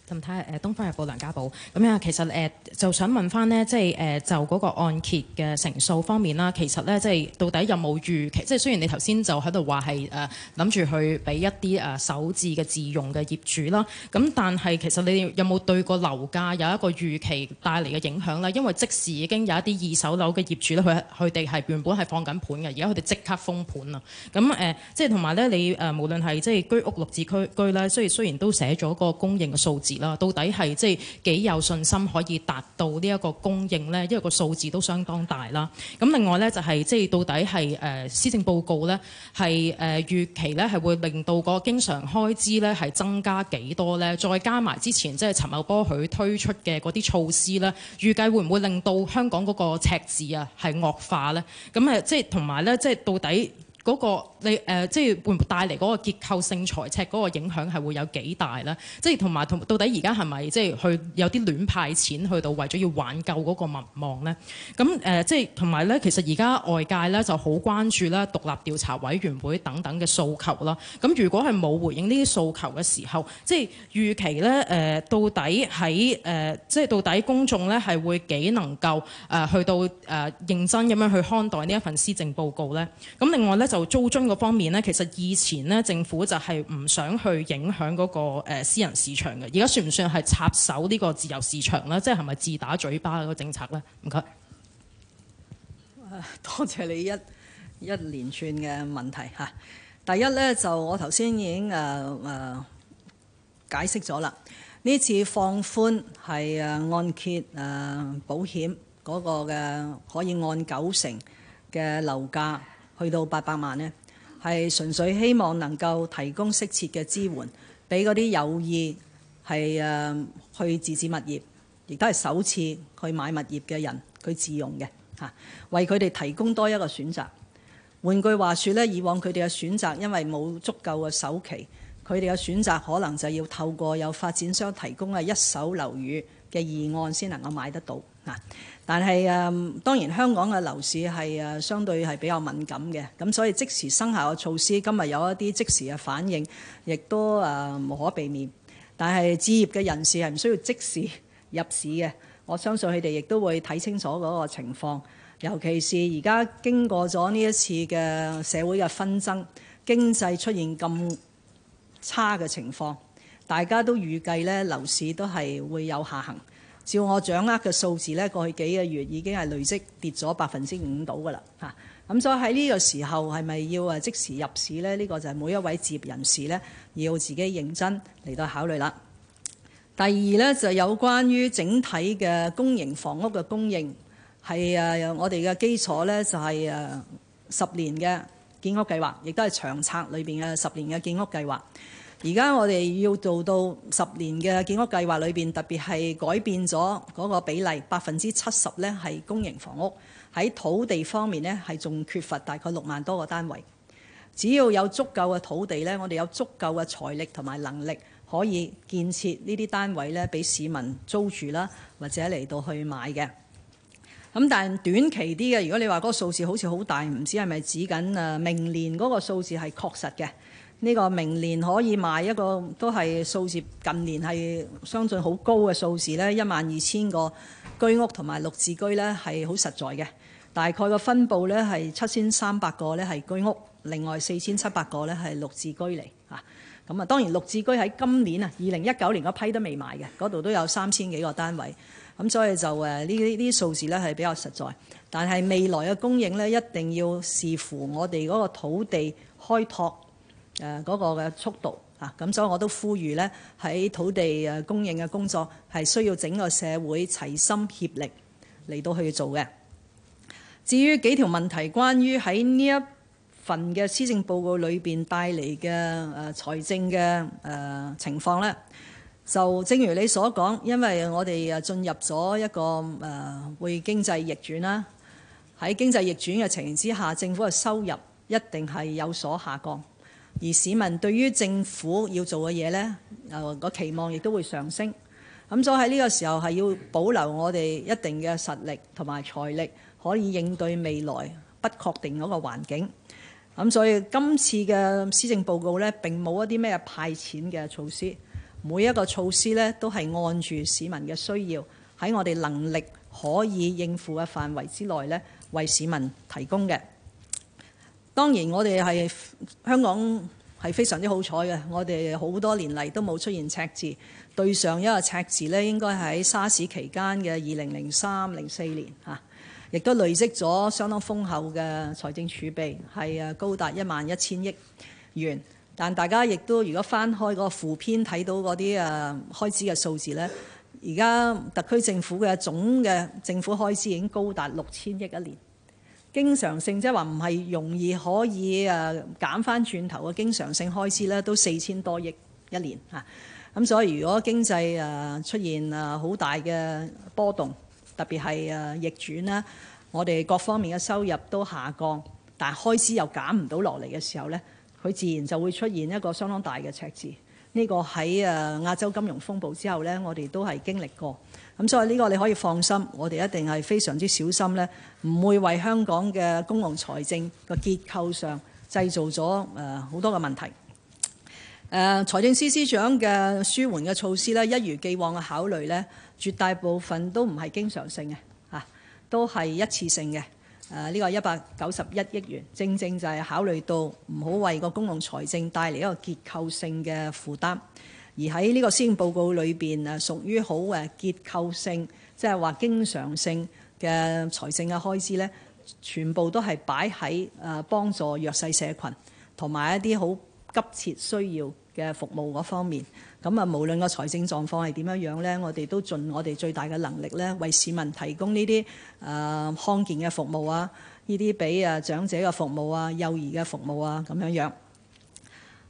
咁睇下誒東方日報梁家寶咁樣、嗯，其實誒、呃、就想問翻呢，即係誒、呃、就嗰個按揭嘅成數方面啦。其實咧，即係到底有冇預期？即係雖然你頭先就喺度話係誒諗住去俾一啲誒首置嘅自用嘅業主啦。咁但係其實你有冇對個樓價有一個預期帶嚟嘅影響咧？因為即時已經有一啲二手樓嘅業主咧，佢佢哋係原本係放緊盤嘅，而家佢哋即刻封盤啦。咁、嗯、誒，即係同埋咧，你誒無論係即係居屋六字區居咧，雖然雖然都寫咗個供應嘅數字。啦，到底係即係幾有信心可以達到呢一個供應呢？因為個數字都相當大啦。咁另外呢，就係即係到底係誒、呃、施政報告呢？係誒、呃、預期呢？係會令到個經常開支呢？係增加幾多呢？再加埋之前即係、就是、陳茂波佢推出嘅嗰啲措施呢，預計會唔會令到香港嗰個赤字啊係惡化呢？咁誒即係同埋呢，即、就、係、是、到底。嗰、那個你誒、呃、即係會唔會帶嚟嗰個結構性財赤嗰個影響係會有幾大咧？即係同埋同到底而家係咪即係去有啲亂派錢去到為咗要挽救嗰個民望咧？咁誒、呃、即係同埋咧，其實而家外界咧就好關注啦獨立調查委員會等等嘅訴求啦，咁如果係冇回應呢啲訴求嘅時候，即係預期咧誒、呃、到底喺誒、呃、即係到底公眾咧係會幾能夠誒、呃、去到誒、呃、認真咁樣去看待呢一份施政報告咧？咁另外咧就。就租津嗰方面呢，其實以前呢政府就係唔想去影響嗰個誒私人市場嘅。而家算唔算係插手呢個自由市場呢？即係係咪自打嘴巴嘅政策呢？唔該。多謝你一一連串嘅問題嚇、啊。第一呢，就我頭先已經誒誒、啊啊、解釋咗啦。呢次放寬係誒按揭誒保險嗰個嘅可以按九成嘅樓價。去到八百萬呢，係純粹希望能夠提供適切嘅支援，俾嗰啲有意係誒去自置物業，亦都係首次去買物業嘅人，佢自用嘅嚇，為佢哋提供多一個選擇。換句話說呢，以往佢哋嘅選擇，因為冇足夠嘅首期，佢哋嘅選擇可能就要透過有發展商提供嘅一手樓宇嘅議案先能夠買得到嗱。但係誒，當然香港嘅樓市係誒相對係比較敏感嘅，咁所以即時生效嘅措施，今日有一啲即時嘅反應，亦都誒無可避免。但係置業嘅人士係唔需要即時入市嘅，我相信佢哋亦都會睇清楚嗰個情況。尤其是而家經過咗呢一次嘅社會嘅紛爭，經濟出現咁差嘅情況，大家都預計呢，樓市都係會有下行。照我掌握嘅數字呢，過去幾個月已經係累積跌咗百分之五到㗎喇嚇。咁所以喺呢個時候係咪要誒即時入市呢？呢、呢個就係每一位置業人士呢，要自己認真嚟到考慮啦。第二呢，就有關於整體嘅公營房屋嘅供應係誒我哋嘅基礎呢，就係誒十年嘅建屋計劃，亦都係長策裏邊嘅十年嘅建屋計劃。而家我哋要做到十年嘅建屋計劃裏邊，特別係改變咗嗰個比例，百分之七十呢係公營房屋。喺土地方面呢，係仲缺乏大概六萬多個單位。只要有足夠嘅土地呢，我哋有足夠嘅財力同埋能力，可以建設呢啲單位呢，俾市民租住啦，或者嚟到去買嘅。咁但係短期啲嘅，如果你話嗰個數字好似好大，唔知係咪指緊誒明年嗰個數字係確實嘅。呢、這個明年可以賣一個都係數字，近年係相信好高嘅數字，呢一萬二千個居屋同埋六字居呢係好實在嘅。大概嘅分佈呢係七千三百個呢係居屋，另外四千七百個呢係六字居嚟嚇。咁啊，當然六字居喺今年啊，二零一九年嗰批都未賣嘅，嗰度都有三千幾個單位。咁所以就誒呢啲呢數字呢係比較實在，但係未來嘅供應呢，一定要視乎我哋嗰個土地開拓。誒、那、嗰個嘅速度嚇咁，所以我都呼籲呢，喺土地誒供應嘅工作係需要整個社會齊心協力嚟到去做嘅。至於幾條問題，關於喺呢一份嘅施政報告裏邊帶嚟嘅誒財政嘅誒情況呢，就正如你所講，因為我哋誒進入咗一個誒會經濟逆轉啦。喺經濟逆轉嘅情形之下，政府嘅收入一定係有所下降。而市民對於政府要做嘅嘢呢，個、呃、期望亦都會上升。咁所以喺呢個時候係要保留我哋一定嘅實力同埋財力，可以應對未來不確定嗰個環境。咁所以今次嘅施政報告呢，並冇一啲咩派錢嘅措施，每一個措施呢，都係按住市民嘅需要，喺我哋能力可以應付嘅範圍之內呢，為市民提供嘅。當然我哋係香港。係非常之好彩嘅，我哋好多年嚟都冇出現赤字。對上一個赤字呢，應該喺沙士期間嘅二零零三、零四年嚇，亦、啊、都累積咗相當豐厚嘅財政儲備，係啊高達一萬一千億元。但大家亦都如果翻開嗰個附篇睇到嗰啲啊開支嘅數字呢，而家特區政府嘅總嘅政府開支已經高達六千億元一年。經常性即係話唔係容易可以誒減翻轉頭嘅經常性開支咧，都四千多億一年嚇。咁所以如果經濟誒出現誒好大嘅波動，特別係誒逆轉啦，我哋各方面嘅收入都下降，但係開支又減唔到落嚟嘅時候呢，佢自然就會出現一個相當大嘅赤字。呢個喺誒亞洲金融風暴之後呢，我哋都係經歷過。咁所以呢個你可以放心，我哋一定係非常之小心咧，唔會為香港嘅公共財政個結構上製造咗誒好多嘅問題，誒財政司司長嘅舒緩嘅措施咧，一如既往嘅考慮咧，絕大部分都唔係經常性嘅吓，都係一次性嘅。誒呢個一百九十一億元，正正就係考慮到唔好為個公共財政帶嚟一個結構性嘅負擔。而喺呢個施政報告裏邊啊，屬於好誒結構性，即係話經常性嘅財政嘅開支呢，全部都係擺喺誒幫助弱勢社群同埋一啲好急切需要嘅服務嗰方面。咁啊，無論個財政狀況係點樣樣呢，我哋都盡我哋最大嘅能力呢，為市民提供呢啲誒康健嘅服務啊，呢啲俾誒長者嘅服務啊、幼兒嘅服務啊咁樣樣。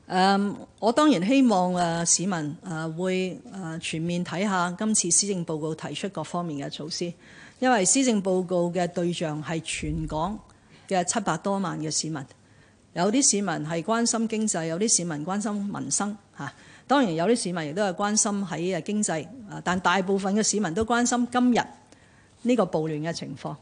Um, 我當然希望、啊、市民誒、啊、會、啊、全面睇下今次施政報告提出各方面嘅措施，因為施政報告嘅對象係全港嘅七百多萬嘅市民。有啲市民係關心經濟，有啲市民關心民生嚇、啊。當然有啲市民亦都係關心喺誒經濟、啊、但大部分嘅市民都關心今日呢個暴亂嘅情況，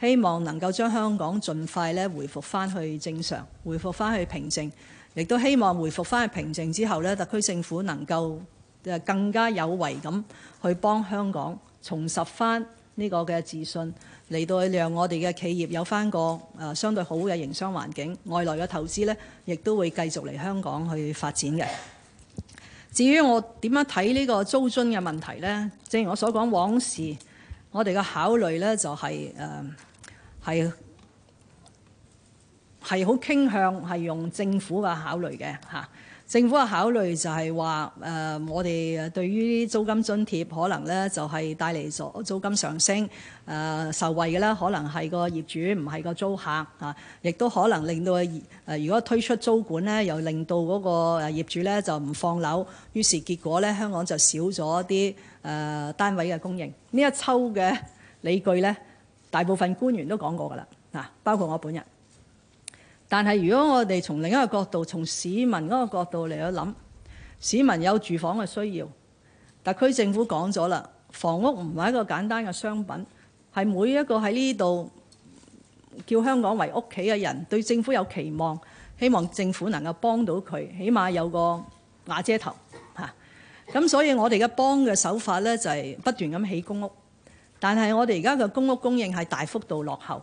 希望能夠將香港盡快咧回復翻去正常，回復翻去平靜。亦都希望回復翻去平靜之後呢，特區政府能夠更加有為咁去幫香港重拾翻呢個嘅自信，嚟到去讓我哋嘅企業有翻個相對好嘅營商環境，外來嘅投資呢，亦都會繼續嚟香港去發展嘅。至於我點樣睇呢個租津嘅問題呢？正如我所講，往時我哋嘅考慮呢、就係，就、呃、係。係好傾向係用政府嘅考慮嘅嚇、啊。政府嘅考慮就係話誒，我哋對於租金津貼可能咧就係、是、帶嚟咗租金上升誒、啊，受惠嘅咧可能係個業主唔係個租客嚇，亦、啊、都可能令到誒、呃。如果推出租管咧，又令到嗰個業主咧就唔放樓，於是結果咧香港就少咗一啲誒單位嘅供應。呢一抽嘅理據咧，大部分官員都講過㗎啦，嗱、啊，包括我本人。但係，如果我哋從另一個角度，從市民嗰個角度嚟去諗，市民有住房嘅需要，特區政府講咗啦，房屋唔係一個簡單嘅商品，係每一個喺呢度叫香港為屋企嘅人，對政府有期望，希望政府能夠幫到佢，起碼有個瓦遮頭嚇。咁、啊、所以，我哋嘅幫嘅手法呢，就係、是、不斷咁起公屋。但係，我哋而家嘅公屋供應係大幅度落後。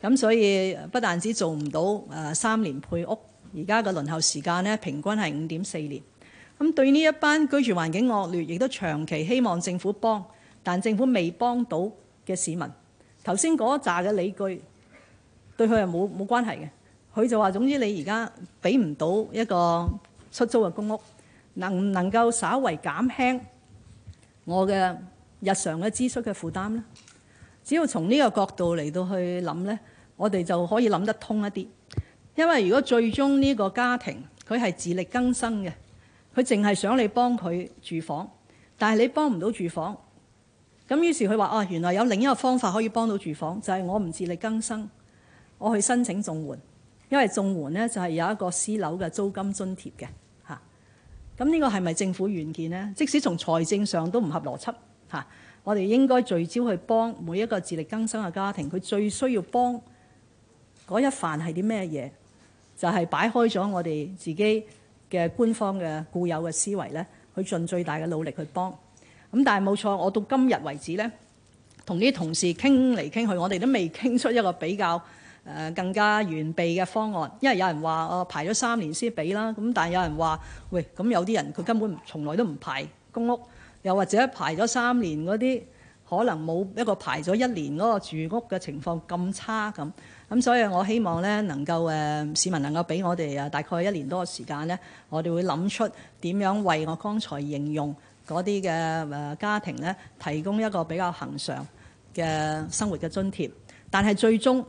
咁所以不但止做唔到誒三年配屋，而家嘅輪候時間呢，平均係五點四年。咁對呢一班居住環境惡劣，亦都長期希望政府幫，但政府未幫到嘅市民，頭先嗰一揸嘅理據，對佢係冇冇關係嘅。佢就話：總之你而家俾唔到一個出租嘅公屋，能唔能夠稍為減輕我嘅日常嘅支出嘅負擔呢？」只要從呢個角度嚟到去諗呢，我哋就可以諗得通一啲。因為如果最終呢個家庭佢係自力更生嘅，佢淨係想你幫佢住房，但係你幫唔到住房，咁於是佢話：啊，原來有另一個方法可以幫到住房，就係我唔自力更生，我去申請綜援，因為綜援呢，就係有一個私樓嘅租金津貼嘅嚇。咁呢個係咪政府軟件呢？即使從財政上都唔合邏輯嚇。我哋應該聚焦去幫每一個自力更生嘅家庭，佢最需要幫嗰一份係啲咩嘢？就係、是、擺開咗我哋自己嘅官方嘅固有嘅思維呢去盡最大嘅努力去幫。咁但係冇錯，我到今日為止呢，同啲同事傾嚟傾去，我哋都未傾出一個比較誒、呃、更加完備嘅方案。因為有人話我排咗三年先俾啦，咁但係有人話喂，咁有啲人佢根本唔從來都唔排公屋。又或者排咗三年嗰啲，可能冇一個排咗一年嗰個住屋嘅情況咁差咁，咁所以我希望咧能夠誒市民能夠俾我哋啊大概一年多嘅時間咧，我哋會諗出點樣為我剛才形容嗰啲嘅誒家庭咧提供一個比較恆常嘅生活嘅津貼，但係最終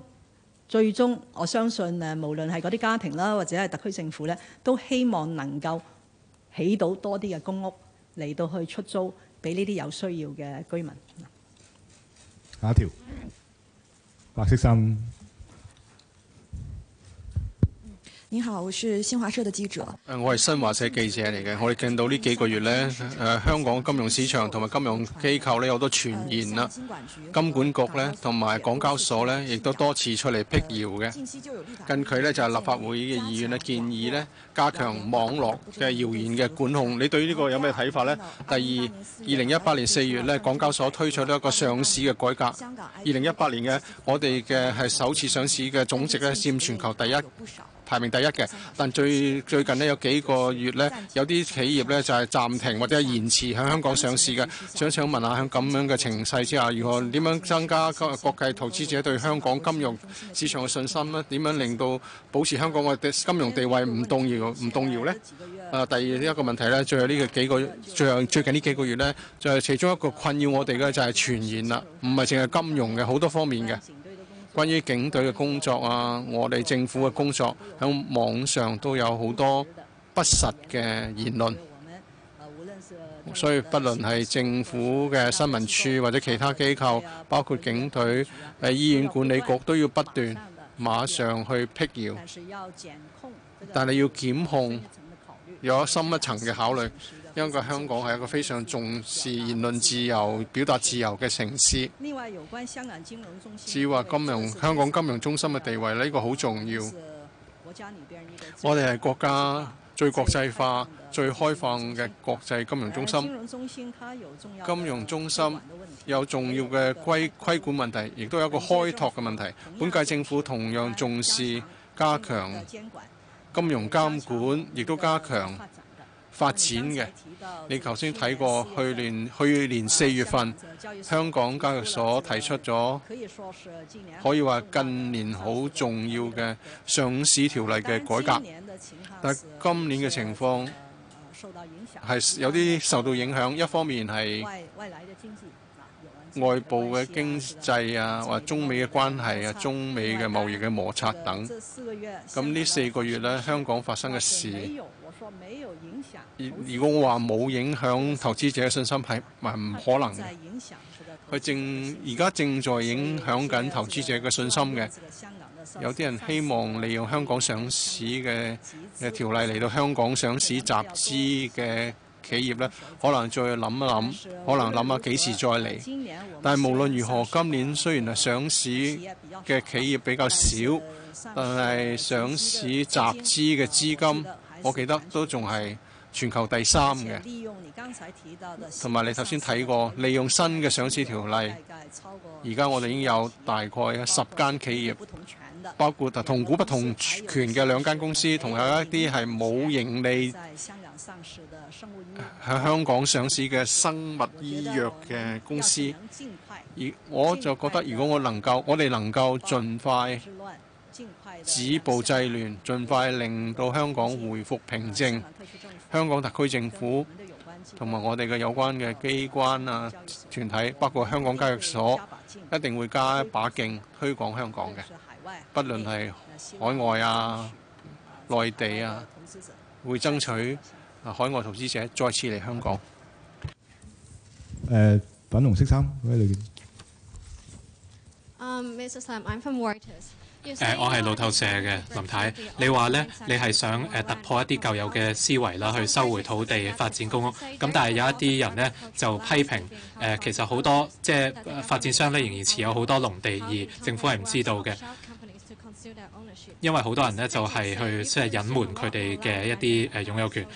最終我相信誒無論係嗰啲家庭啦，或者係特區政府咧，都希望能夠起到多啲嘅公屋。嚟到去出租畀呢啲有需要嘅居民。下一條，嗯，白色衫。你好，我是新華社的記者。我係新華社記者嚟嘅。我哋見到呢幾個月呢，誒、呃，香港金融市場同埋金融機構呢，好多傳言啦。金管局呢，同埋港交所呢，亦都多次出嚟辟謠嘅。近期呢，就有、是、立法會嘅議員呢建議呢，加強網絡嘅謠言嘅管控。你對於呢個有咩睇法呢？第二，二零一八年四月呢，港交所推出咗一個上市嘅改革。二零一八年嘅我哋嘅係首次上市嘅總值呢，佔全球第一。排名第一嘅，但最最近呢有幾個月呢，有啲企業呢就係暫停或者係延遲喺香港上市嘅。想想問下喺咁樣嘅情勢之下，如何點樣增加國國際投資者對香港金融市場嘅信心呢？點樣令到保持香港嘅金融地位唔動搖唔動搖呢？啊，第二一個問題呢，最後呢個幾個，就最，最近呢幾個月呢，就係、是、其中一個困擾我哋嘅就係傳言啦，唔係淨係金融嘅，好多方面嘅。關於警隊嘅工作啊，我哋政府嘅工作喺網上都有好多不實嘅言論，所以不論係政府嘅新聞處或者其他機構，包括警隊、誒醫院管理局，都要不斷馬上去闢謠，但係要檢控。有深一層嘅考慮，因為香港係一個非常重視言論自由、表達自由嘅城市，至於金融香港金融中心嘅地位呢，這個好重要。我哋係國家最國際化、最開放嘅國際金融中心。金融中心有重要嘅規規管問題，亦都有一個開拓嘅問題。本屆政府同樣重視加強。金融監管亦都加強發展嘅。你頭先睇過去年，去年四月份香港交易所提出咗，可以話近年好重要嘅上市條例嘅改革。但今年嘅情況係有啲受到影響，一方面係外部嘅經濟啊，或中美嘅關係啊，中美嘅貿易嘅摩擦等，咁呢四個月呢，香港發生嘅事，如果我話冇影響投資者嘅信心係唔可能嘅，佢正而家正在影響緊投資者嘅信心嘅，有啲人希望利用香港上市嘅條例嚟到香港上市集資嘅。企業咧，可能再諗一諗，可能諗下幾時再嚟。但係無論如何，今年雖然係上市嘅企業比較少，但係上市集資嘅資金，我記得都仲係全球第三嘅。同埋你頭先睇過，利用新嘅上市條例，而家我哋已經有大概十間企業，包括同股不同權嘅兩間公司，同有一啲係冇盈利，喺香港上市嘅生物醫藥嘅公司，而我就覺得，如果我能夠，我哋能夠盡快止暴制亂，盡快令到香港恢復平靜，香港特區政府同埋我哋嘅有關嘅機關啊、團體，包括香港交易所，一定會加一把勁推廣香港嘅，不論係海外啊、內地啊，會爭取，海外投資者再次嚟香港。誒、uh, 粉紅色衫，咩嚟嘅？誒，我係路透社嘅林太。你話呢？你係想誒突破一啲舊有嘅思維啦，去收回土地發展公屋。咁但係有一啲人呢，就批評誒、嗯，其實好多即係、就是、發展商呢，仍然持有好多農地，而政府係唔知道嘅，因為好多人呢，就係去即係隱瞞佢哋嘅一啲誒擁有權。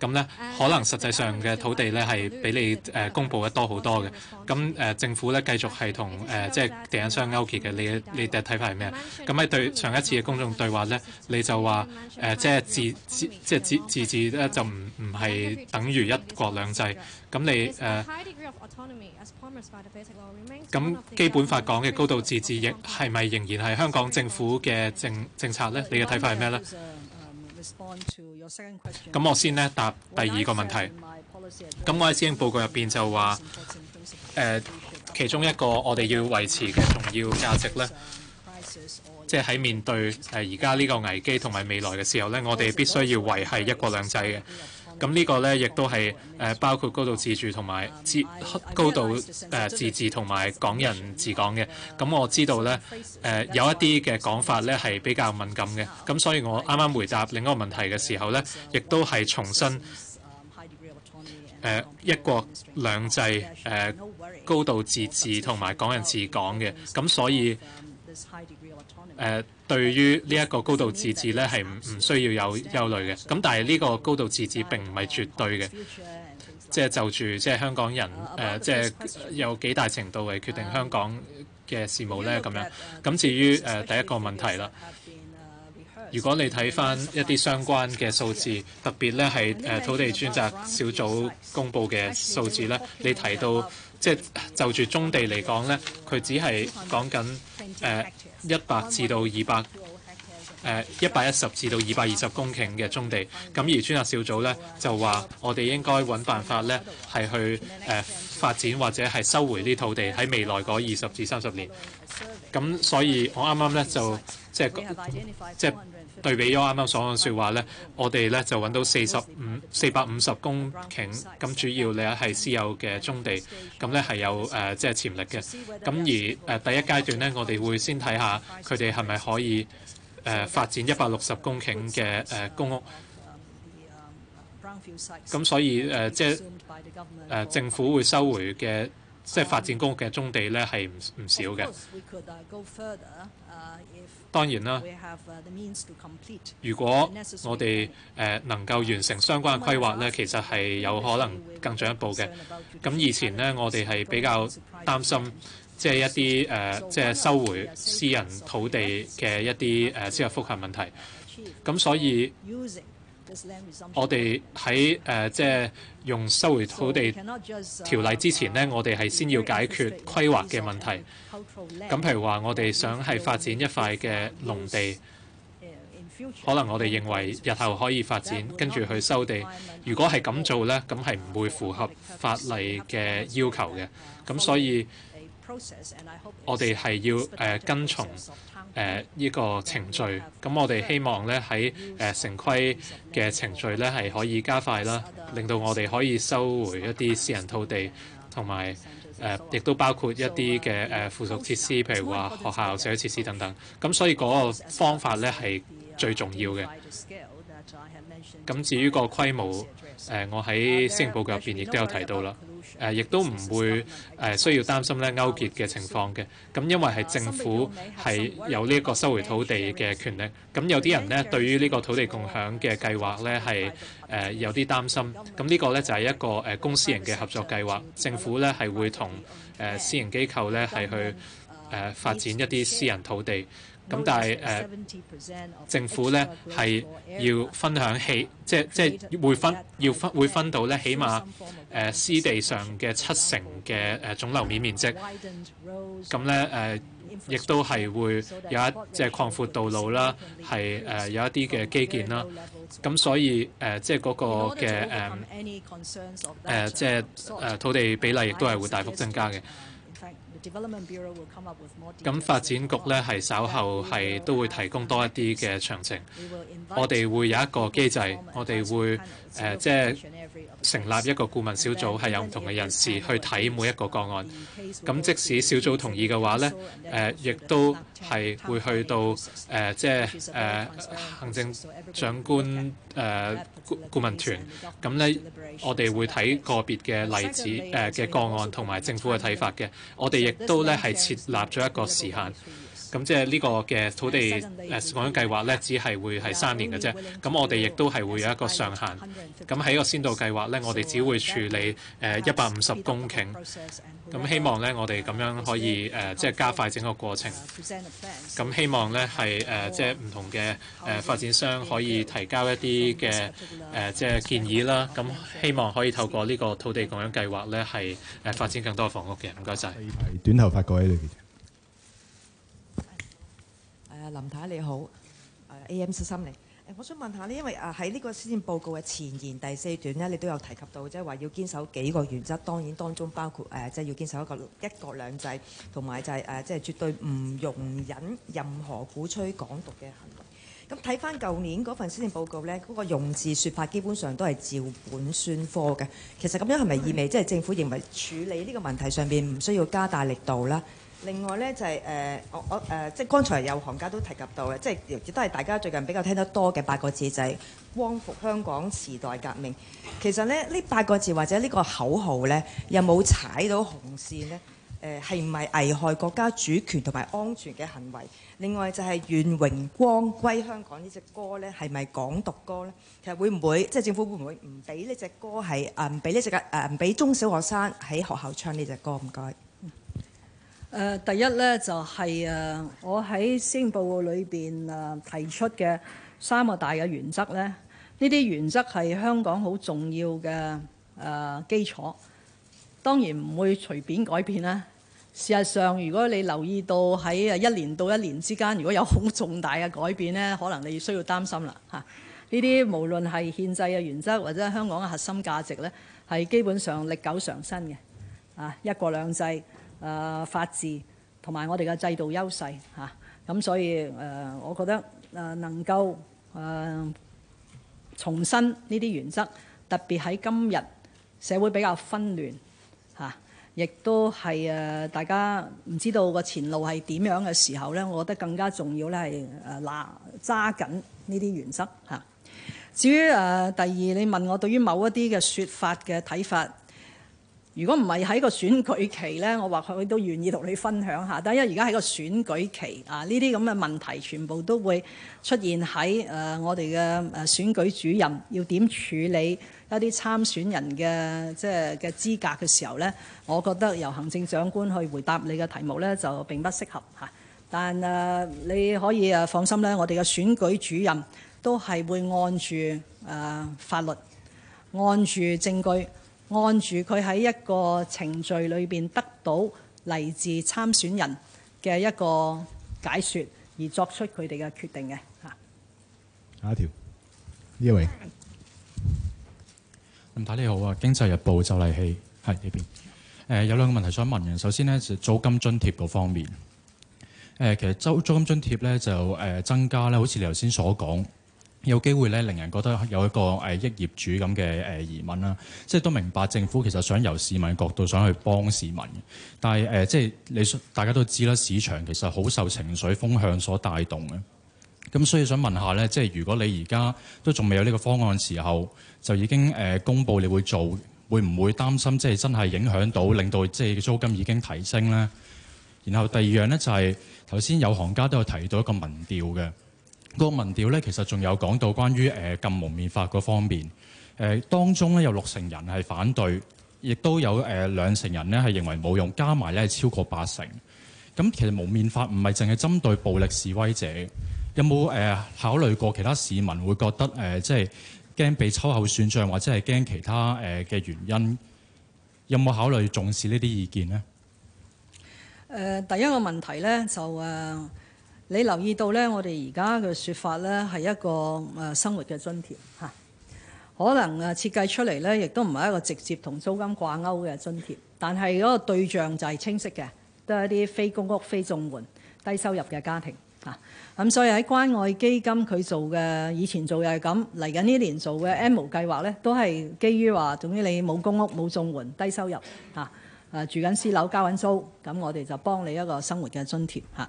咁、嗯、咧，可能實際上嘅土地咧係比你誒公佈得多好多嘅。咁誒、呃、政府咧繼續係同誒即係地產商勾結嘅，你你嘅睇法係咩？咁喺對上一次嘅公眾對話咧，你就話誒即係自自即係自自治咧就唔唔係等於一國兩制。咁你誒咁、呃、基本法講嘅高度自治，亦係咪仍然係香港政府嘅政政策咧？你嘅睇法係咩咧？咁我先咧答第二個問題。咁我喺施政報告入邊就話，誒、呃，其中一個我哋要維持嘅重要價值咧，即係喺面對誒而家呢個危機同埋未來嘅時候咧，我哋必須要維繫一國兩制嘅。咁呢個呢，亦都係誒、呃、包括高度自治同埋自高度誒、呃、自治同埋港人治港嘅。咁、嗯、我知道呢，誒、呃、有一啲嘅講法呢係比較敏感嘅。咁、嗯、所以我啱啱回答另一個問題嘅時候呢，亦都係重申誒、呃、一國兩制、誒、呃、高度自治同埋港人治港嘅。咁、嗯、所以誒、呃、對於呢一個高度自治咧，係唔唔需要有憂慮嘅。咁但係呢個高度自治並唔係絕對嘅，即係就住即係香港人誒、呃，即係有幾大程度係決定香港嘅事務咧咁樣。咁至於誒、呃、第一個問題啦，如果你睇返一啲相關嘅數字，特別咧係誒土地專責小組公布嘅數字咧，你提到。即係就住棕地嚟講咧，佢只係講緊一百至到二百一百一十至到二百二十公頃嘅棕地。咁而專責小組咧就話我哋應該揾辦法咧係去、呃、發展或者係收回呢土地喺未來嗰二十至三十年。咁所以我啱啱咧就即係即係對比咗啱啱所講嘅説話咧，我哋咧就揾到四十五、四百五十公頃咁，主要你係私有嘅棕地，咁咧係有即係、呃即係、潛力嘅。咁而、呃、第一階段咧，我哋會先睇下佢哋係咪可以誒、呃、發展一百六十公頃嘅、呃、公屋。咁所以即係、呃即係呃、政府會收回嘅即係發展公屋嘅棕地咧，係唔唔少嘅。當然啦，如果我哋誒、呃、能夠完成相關嘅規劃咧，其實係有可能更進一步嘅。咁以前咧，我哋係比較擔心即係、就是、一啲誒即係收回私人土地嘅一啲誒私有複合問題。咁所以我哋喺誒即係，呃就是用收回土地條例之前呢，我哋係先要解決規劃嘅問題。咁譬如話，我哋想係發展一塊嘅農地，可能我哋認為日後可以發展，跟住去收地。如果係咁做呢，咁係唔會符合法例嘅要求嘅。咁所以我，我哋係要誒跟從。誒、呃、依、呢個程序，咁我哋希望咧喺誒城規嘅程序咧係可以加快啦，令到我哋可以收回一啲私人土地，同埋亦都包括一啲嘅、呃、附屬設施，譬如話學校、社會設施等等。咁所以嗰個方法咧係最重要嘅。咁至於個規模。誒、呃，我喺施政報告入邊亦都有提到啦。誒、呃，亦都唔會誒、呃、需要擔心咧勾結嘅情況嘅。咁、嗯、因為係政府係有呢一個收回土地嘅權力。咁、嗯、有啲人呢對於呢個土地共享嘅計劃呢係誒、呃、有啲擔心。咁、嗯、呢、這個呢就係、是、一個誒公私營嘅合作計劃。政府呢係會同誒私營機構呢係去誒、呃、發展一啲私人土地。咁、嗯、但係、呃、政府咧係要分享起，即係即係會分要分會分到咧，起碼誒私、呃、地上嘅七成嘅誒、呃、總樓面面積。咁咧亦都係會有一隻擴闊道路啦，係、呃、有一啲嘅基建啦。咁、啊、所以誒、呃、即係嗰個嘅、呃、即係土地比例亦都係會大幅增加嘅。咁發展局咧係稍後係都會提供多一啲嘅詳情。我哋會有一個機制，我哋會呃、即係成立一個顧問小組，係有唔同嘅人士去睇每一個個案。咁即使小組同意嘅話咧，呃、亦都係會去到呃、即係、呃、行政長官。誒，顧問團咁咧，我哋會睇個別嘅例子，誒嘅個案同埋政府嘅睇法嘅，我哋亦都咧係設立咗一個時限。咁、嗯、即係呢個嘅土地誒共享計劃咧，只係會係三年嘅啫。咁、嗯、我哋亦都係會有一個上限。咁、嗯、喺個先導計劃咧，我哋只會處理誒一百五十公頃。咁、嗯、希望咧，我哋咁樣可以誒、啊，即係加快整個過程。咁、嗯、希望咧係誒，即係唔同嘅誒、啊、發展商可以提交一啲嘅誒，即係建議啦。咁、啊、希望可以透過呢個土地共享計劃咧，係誒、啊、發展更多房屋嘅。唔該晒，係短頭發過喺裏邊。林太你好，AM 七三零，誒、啊嗯、我想問下呢因為誒喺呢個施政報告嘅前言第四段呢，你都有提及到，即係話要堅守幾個原則，當然當中包括誒即係要堅守一個一國兩制，同埋就係誒即係絕對唔容忍任何鼓吹港獨嘅行為。咁睇返舊年嗰份施政報告呢，嗰、那個用字說法基本上都係照本宣科嘅。其實咁樣係咪意味即係、就是、政府認為處理呢個問題上邊唔需要加大力度啦？另外呢、就是，就係誒我我誒即係剛才有行家都提及到嘅，即係亦都係大家最近比較聽得多嘅八個字就係、是「光復香港時代革命」。其實呢呢八個字或者呢個口號呢，有冇踩到紅線呢？誒係唔係危害國家主權同埋安全嘅行為？另外就係、是《願榮光歸香港》呢隻歌呢，係咪港獨歌呢？其實會唔會即係、就是、政府會唔會唔俾呢隻歌係誒唔俾呢隻嘅誒唔俾中小學生喺學校唱呢隻歌？唔該。呃、第一呢，就係、是呃、我喺施政報告裏邊、呃、提出嘅三個大嘅原則呢，呢啲原則係香港好重要嘅誒、呃、基礎，當然唔會隨便改變啦。事實上，如果你留意到喺一年到一年之間，如果有好重大嘅改變呢，可能你需要擔心啦。嚇，呢啲無論係憲制嘅原則或者香港嘅核心價值呢，係基本上歷久常新嘅啊，一國兩制。誒、呃、法治同埋我哋嘅制度優勢咁、啊、所以誒、呃，我覺得能夠誒、呃、重申呢啲原則，特別喺今日社會比較紛亂嚇，亦、啊、都係誒、啊、大家唔知道個前路係點樣嘅時候呢，我覺得更加重要呢係誒拿揸緊呢啲原則嚇、啊。至於誒、啊、第二，你問我對於某一啲嘅說法嘅睇法。如果唔係喺個選舉期呢，我或許都願意同你分享下。但因為而家喺個選舉期啊，呢啲咁嘅問題全部都會出現喺誒我哋嘅誒選舉主任要點處理一啲參選人嘅即係嘅資格嘅時候呢，我覺得由行政長官去回答你嘅題目呢，就並不適合嚇。但誒你可以誒放心咧，我哋嘅選舉主任都係會按住誒法律，按住證據。按住佢喺一個程序裏邊得到嚟自參選人嘅一個解説，而作出佢哋嘅決定嘅嚇。下一條，呢位，林太你好啊，《經濟日報》就嚟起，係呢邊。誒有兩個問題想問嘅，首先呢，就租金津貼嗰方面。誒其實租租金津貼咧就誒增加咧，好似你頭先所講。有機會咧，令人覺得有一個誒益業主咁嘅誒疑問啦，即係都明白政府其實想由市民角度想去幫市民，但係誒即係你大家都知啦，市場其實好受情緒風向所帶動嘅。咁所以想問下咧，即係如果你而家都仲未有呢個方案嘅時候，就已經誒公佈你會做，會唔會擔心即係真係影響到令到即係租金已經提升咧？然後第二樣咧就係頭先有行家都有提到一個民調嘅。個民調咧，其實仲有講到關於誒、呃、禁蒙面法嗰方面，誒、呃、當中咧有六成人係反對，亦都有誒、呃、兩成人咧係認為冇用，加埋咧係超過八成。咁、嗯、其實蒙面法唔係淨係針對暴力示威者，有冇誒、呃、考慮過其他市民會覺得誒即係驚被秋後算賬，或者係驚其他誒嘅、呃、原因？有冇考慮重視呢啲意見呢？誒、呃，第一個問題咧就誒。呃你留意到呢，我哋而家嘅説法呢，係一個誒生活嘅津貼嚇，可能誒設計出嚟呢，亦都唔係一個直接同租金掛鈎嘅津貼，但係嗰個對象就係清晰嘅，都係一啲非公屋、非綜援低收入嘅家庭嚇。咁所以喺關愛基金佢做嘅，以前做又係咁，嚟緊呢年做嘅 M 計劃呢，都係基於話等於你冇公屋、冇綜援、低收入嚇誒住緊私樓交緊租，咁我哋就幫你一個生活嘅津貼嚇。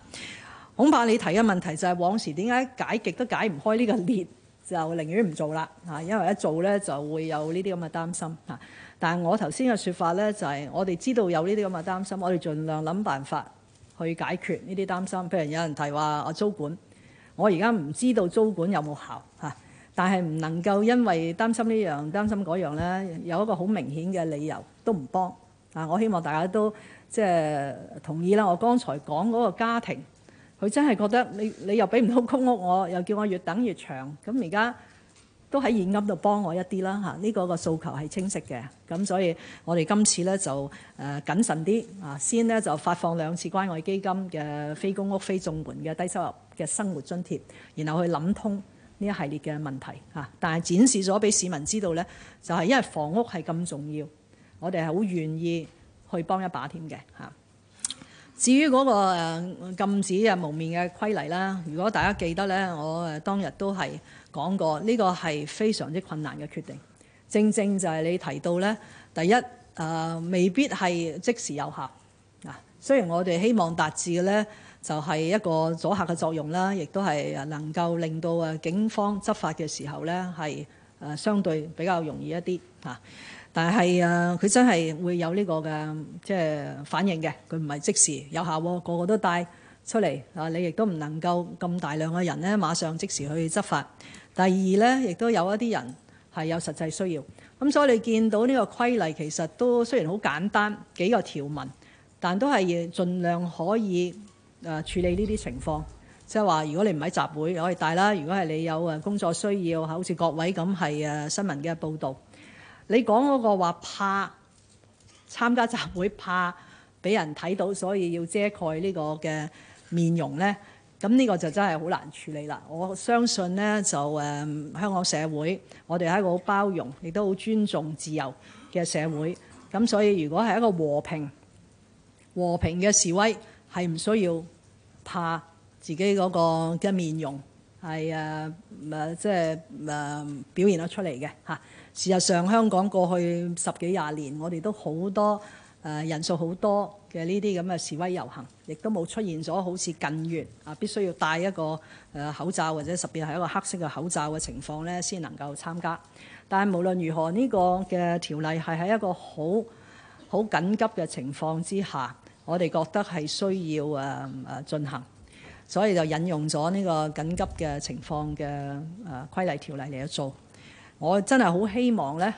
恐怕你提嘅問題就係往時，點解解極都解唔開呢個裂，就寧願唔做啦嚇，因為一做呢，就會有呢啲咁嘅擔心嚇。但係我頭先嘅説法呢，就係我哋知道有呢啲咁嘅擔心，我哋盡量諗辦法去解決呢啲擔心。譬如有人提話我租管，我而家唔知道租管有冇效嚇，但係唔能夠因為擔心呢樣擔心嗰樣咧，有一個好明顯嘅理由都唔幫啊。我希望大家都即係同意啦。我剛才講嗰個家庭。佢真係覺得你你又俾唔到公屋我，我又叫我越等越長，咁而家都喺現金度幫我一啲啦嚇。呢個個訴求係清晰嘅，咁所以我哋今次呢就誒謹慎啲啊，先呢就發放兩次關愛基金嘅非公屋非綜援嘅低收入嘅生活津貼，然後去諗通呢一系列嘅問題嚇。但係展示咗俾市民知道呢，就係因為房屋係咁重要，我哋係好願意去幫一把添嘅嚇。至於嗰個誒禁止誒蒙面嘅規例啦，如果大家記得咧，我誒當日都係講過，呢、這個係非常之困難嘅決定。正正就係你提到咧，第一誒、呃、未必係即時有效嗱。雖然我哋希望達至嘅咧就係一個阻嚇嘅作用啦，亦都係能夠令到誒警方執法嘅時候咧係誒相對比較容易一啲嚇。啊。但係誒，佢真係會有呢個嘅即係反應嘅，佢唔係即時有效喎。個個都帶出嚟啊！你亦都唔能夠咁大量嘅人呢馬上即時去執法。第二呢，亦都有一啲人係有實際需要。咁所以你見到呢個規例其實都雖然好簡單幾個條文，但都係儘量可以誒處理呢啲情況。即係話如果你唔喺集會，我可以帶啦；如果係你有誒工作需要，好似各位咁係誒新聞嘅報導。你講嗰個話怕參加集會怕俾人睇到，所以要遮蓋呢個嘅面容呢？咁呢個就真係好難處理啦。我相信呢，就誒、嗯、香港社會，我哋係一個好包容，亦都好尊重自由嘅社會。咁所以如果係一個和平、和平嘅示威，係唔需要怕自己嗰個嘅面容係啊、呃呃、即係、呃、表現得出嚟嘅嚇。事實上，香港過去十幾廿年，我哋都好多誒、呃、人數好多嘅呢啲咁嘅示威遊行，亦都冇出現咗好似近月啊必須要戴一個誒、呃、口罩或者特別係一個黑色嘅口罩嘅情況呢先能夠參加。但係無論如何，呢、呢個嘅條例係喺一個好好緊急嘅情況之下，我哋覺得係需要誒誒、啊啊、進行，所以就引用咗呢個緊急嘅情況嘅誒、啊、規例條例嚟做。我真係好希望呢，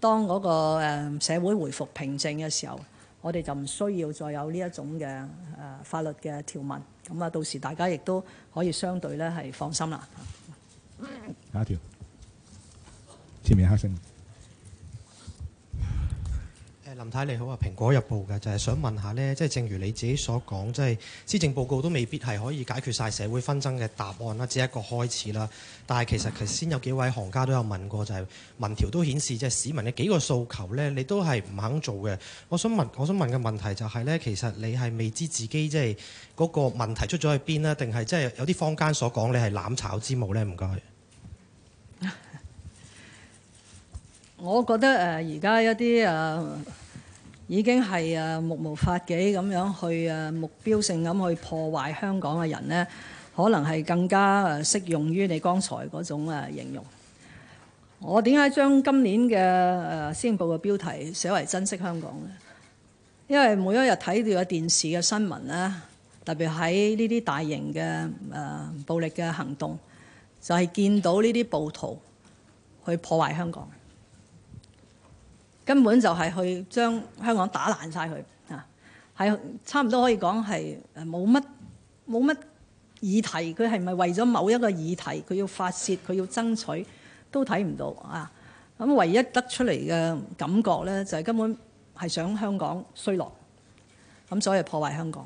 當嗰個誒社會回復平靜嘅時候，我哋就唔需要再有呢一種嘅誒法律嘅條文。咁啊，到時大家亦都可以相對呢係放心啦。下一條，前面黑星。林太你好啊，《蘋果日報》嘅就係想問下咧，即係正如你自己所講，即係施政報告都未必係可以解決晒社會紛爭嘅答案啦，只係一個開始啦。但係其實頭先有幾位行家都有問過，就係民調都顯示即係市民嘅幾個訴求咧，你都係唔肯做嘅。我想問，我想問嘅問題就係咧，其實你係未知自己即係嗰個問題出咗去邊啦，定係即係有啲坊間所講你係攬炒之母咧？唔該。我覺得誒，而家一啲誒。已經係誒目無法紀咁樣去誒目標性咁去破壞香港嘅人呢，可能係更加誒適用於你剛才嗰種誒形容。我點解將今年嘅誒施政報告嘅標題寫為珍惜香港呢？因為每一日睇到嘅電視嘅新聞呢，特別喺呢啲大型嘅誒暴力嘅行動，就係、是、見到呢啲暴徒去破壞香港，根本就係去將香港打爛晒佢啊！係差唔多可以講係冇乜冇乜議題，佢係咪為咗某一個議題佢要發洩佢要爭取都睇唔到啊！咁唯一得出嚟嘅感覺呢，就係根本係想香港衰落，咁所以破壞香港。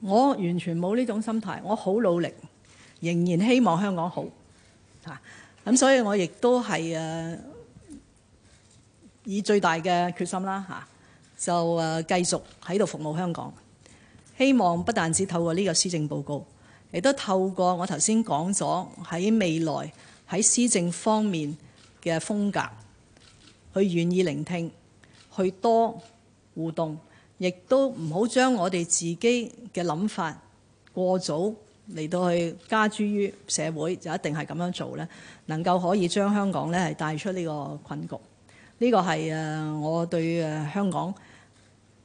我完全冇呢種心態，我好努力，仍然希望香港好嚇。咁所以我亦都係誒。以最大嘅決心啦嚇，就誒繼續喺度服務香港。希望不但止透過呢個施政報告，亦都透過我頭先講咗喺未來喺施政方面嘅風格，去願意聆聽，去多互動，亦都唔好將我哋自己嘅諗法過早嚟到去加諸於社會，就一定係咁樣做呢。能夠可以將香港呢係帶出呢個困局。呢、這個係誒我對誒香港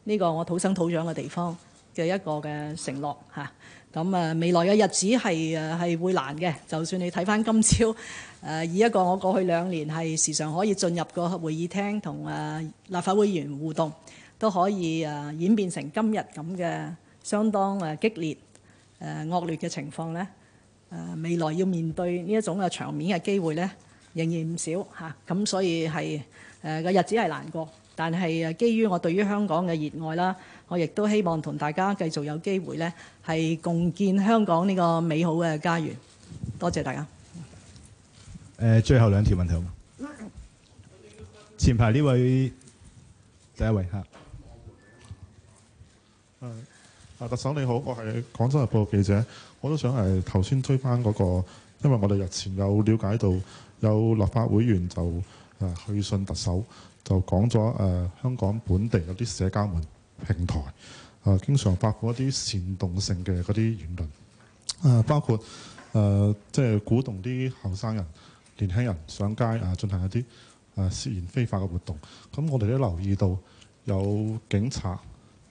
呢、這個我土生土長嘅地方嘅一個嘅承諾嚇。咁、啊、誒、啊、未來嘅日子係誒係會難嘅。就算你睇返今朝誒、啊、以一個我過去兩年係時常可以進入個會議廳同誒立法會議員互動，都可以誒、啊、演變成今日咁嘅相當誒激烈誒惡、啊、劣嘅情況呢。誒、啊、未來要面對呢一種嘅場面嘅機會呢，仍然唔少嚇。咁、啊啊、所以係。誒個日子係難過，但係誒基於我對於香港嘅熱愛啦，我亦都希望同大家繼續有機會咧，係共建香港呢個美好嘅家園。多謝大家。誒，最後兩條問題，好嗎 前排呢位第一位嚇，誒啊， 特首你好，我係廣州日報記者，我都想誒頭先推翻嗰、嗰個，因為我哋日前有了解到有立法會員就。誒、啊、去信特首就講咗誒、啊、香港本地有啲社交網平台誒、啊、經常發佈一啲煽動性嘅嗰啲言論，誒、啊、包括誒即係鼓動啲後生人、年輕人上街誒、啊、進行一啲誒、啊、涉嫌非法嘅活動。咁我哋都留意到有警察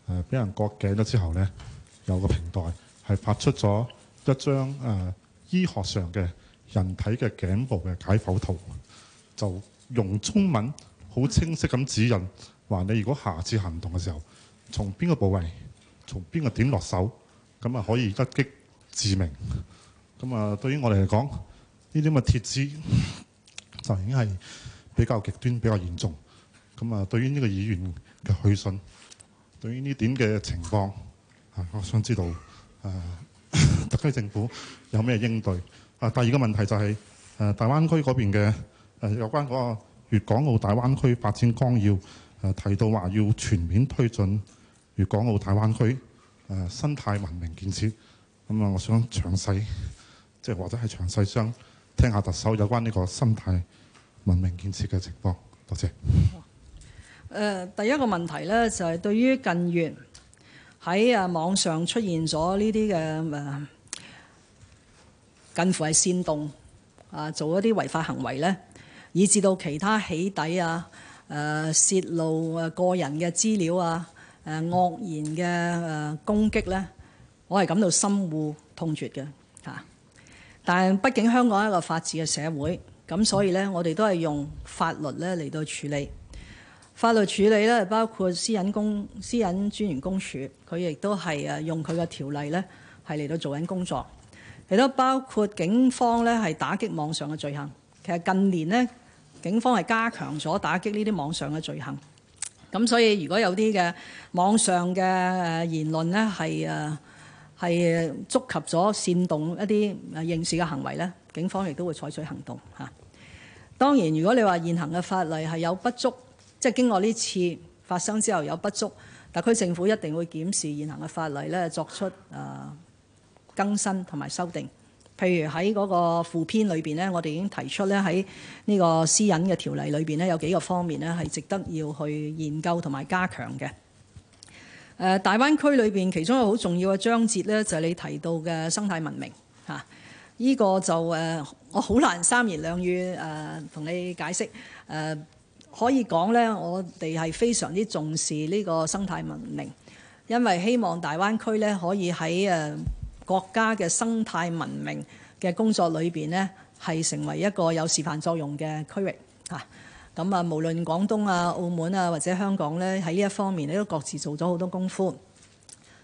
誒俾、啊、人割頸咗之後呢有個平台係發出咗一張誒、啊、醫學上嘅人體嘅頸部嘅解剖圖，就。用中文好清晰咁指引，話你如果下次行動嘅時候，從邊個部位，從邊個點落手，咁啊可以一擊致命。咁啊對於我哋嚟講呢啲咁嘅貼子，就已經係比較極端、比較嚴重。咁啊對於呢個議員嘅去信，對於呢點嘅情況，啊我想知道啊特區政府有咩應對？啊第二個問題就係、是、誒、啊、大灣區嗰邊嘅。誒、啊、有關嗰個粵港澳大灣區發展綱要，誒提到話要全面推進粵港澳大灣區誒、啊、生態文明建設，咁啊，我想詳細，即係或者係詳細想聽下特首有關呢個生態文明建設嘅情況。多謝。誒、呃，第一個問題咧，就係、是、對於近月喺啊網上出現咗呢啲嘅誒近乎係煽動啊，做一啲違法行為咧。以致到其他起底啊、誒、啊、泄露誒個人嘅資料啊、誒、啊、惡言嘅誒、啊、攻擊呢，我係感到深惡痛絕嘅嚇、啊。但畢竟香港係一個法治嘅社會，咁所以呢，我哋都係用法律咧嚟到處理，法律處理呢，包括私隱公、私隱專員公署，佢亦都係誒用佢嘅條例呢，係嚟到做緊工作，亦都包括警方呢，係打擊網上嘅罪行。其實近年呢。警方係加強咗打擊呢啲網上嘅罪行，咁所以如果有啲嘅網上嘅言論呢，係誒係觸及咗煽動一啲誒刑事嘅行為呢，警方亦都會採取行動嚇。當然，如果你話現行嘅法例係有不足，即係經過呢次發生之後有不足，特區政府一定會檢視現行嘅法例咧，作出誒更新同埋修訂。譬如喺嗰個附篇裏邊咧，我哋已經提出咧喺呢個私隱嘅條例裏邊呢，有幾個方面呢，係值得要去研究同埋加強嘅。誒，大灣區裏邊其中一個好重要嘅章節呢，就係你提到嘅生態文明嚇。呢個就誒，我好難三言兩語誒同你解釋。誒，可以講呢，我哋係非常之重視呢個生態文明，因為希望大灣區呢，可以喺誒。國家嘅生態文明嘅工作裏邊呢，係成為一個有示範作用嘅區域嚇。咁啊，無論廣東啊、澳門啊或者香港呢，喺呢一方面呢都各自做咗好多功夫。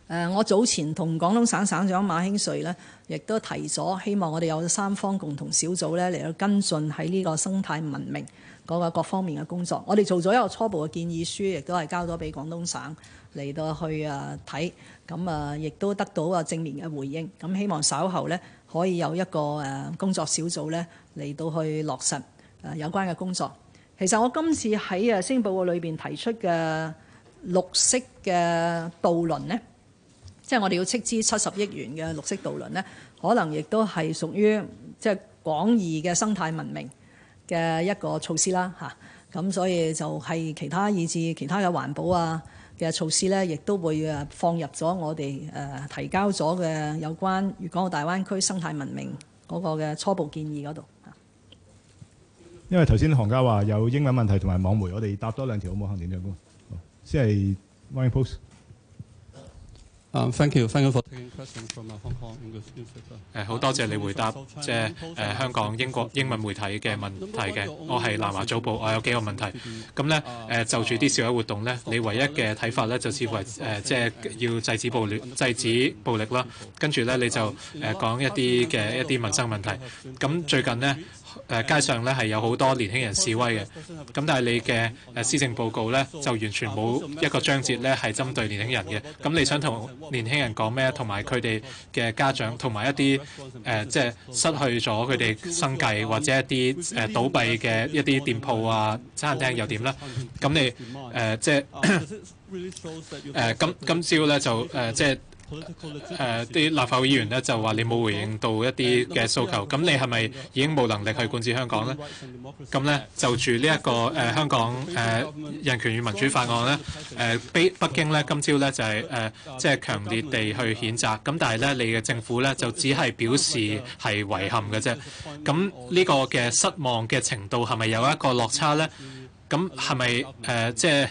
誒、啊，我早前同廣東省省長馬興瑞呢，亦都提咗希望我哋有三方共同小組呢嚟到跟進喺呢個生態文明嗰個各方面嘅工作。我哋做咗一個初步嘅建議書，亦都係交咗俾廣東省。嚟到去啊睇，咁啊，亦都得到啊正面嘅回應。咁希望稍後呢，可以有一個誒工作小組呢嚟到去落實誒有關嘅工作。其實我今次喺誒施報嘅裏邊提出嘅綠色嘅渡輪呢，即係我哋要斥資七十億元嘅綠色渡輪呢，可能亦都係屬於即係廣義嘅生態文明嘅一個措施啦。吓，咁，所以就係其他以至其他嘅環保啊。嘅措施咧，亦都會誒放入咗我哋誒提交咗嘅有關粵港澳大灣區生態文明嗰個嘅初步建議嗰度嚇。因為頭先行家話有英文問題同埋網媒，我哋答多兩條好冇？好？行前兩先係 thank you，thank you for。誒、啊，好多謝你回答，即係誒香港英國英文媒體嘅問題嘅，我係南華早報，我有幾個問題。咁咧誒，就住啲示威活動咧，你唯一嘅睇法咧，就似乎即係要制止暴力。制止暴力啦。跟住咧，你就講、呃、一啲嘅一啲民生問題。咁、嗯、最近咧。誒街上咧係有好多年輕人示威嘅，咁但係你嘅誒施政報告咧就完全冇一個章節咧係針對年輕人嘅，咁你想同年輕人講咩？同埋佢哋嘅家長，同埋一啲誒、呃、即係失去咗佢哋生計或者一啲誒倒閉嘅一啲店鋪啊、餐廳又點啦？咁你誒、呃、即係誒、呃、今今朝咧就誒、呃、即係。誒啲立法會議員咧就話你冇回應到一啲嘅訴求，咁你係咪已經冇能力去管治香港呢？咁呢，就住呢一個誒香港誒人權與民主法案呢。誒，北京呢，今朝呢就係誒即係強烈地去譴責，咁但係呢，你嘅政府呢就只係表示係遺憾嘅啫。咁呢個嘅失望嘅程度係咪有一個落差呢？咁係咪誒即係誒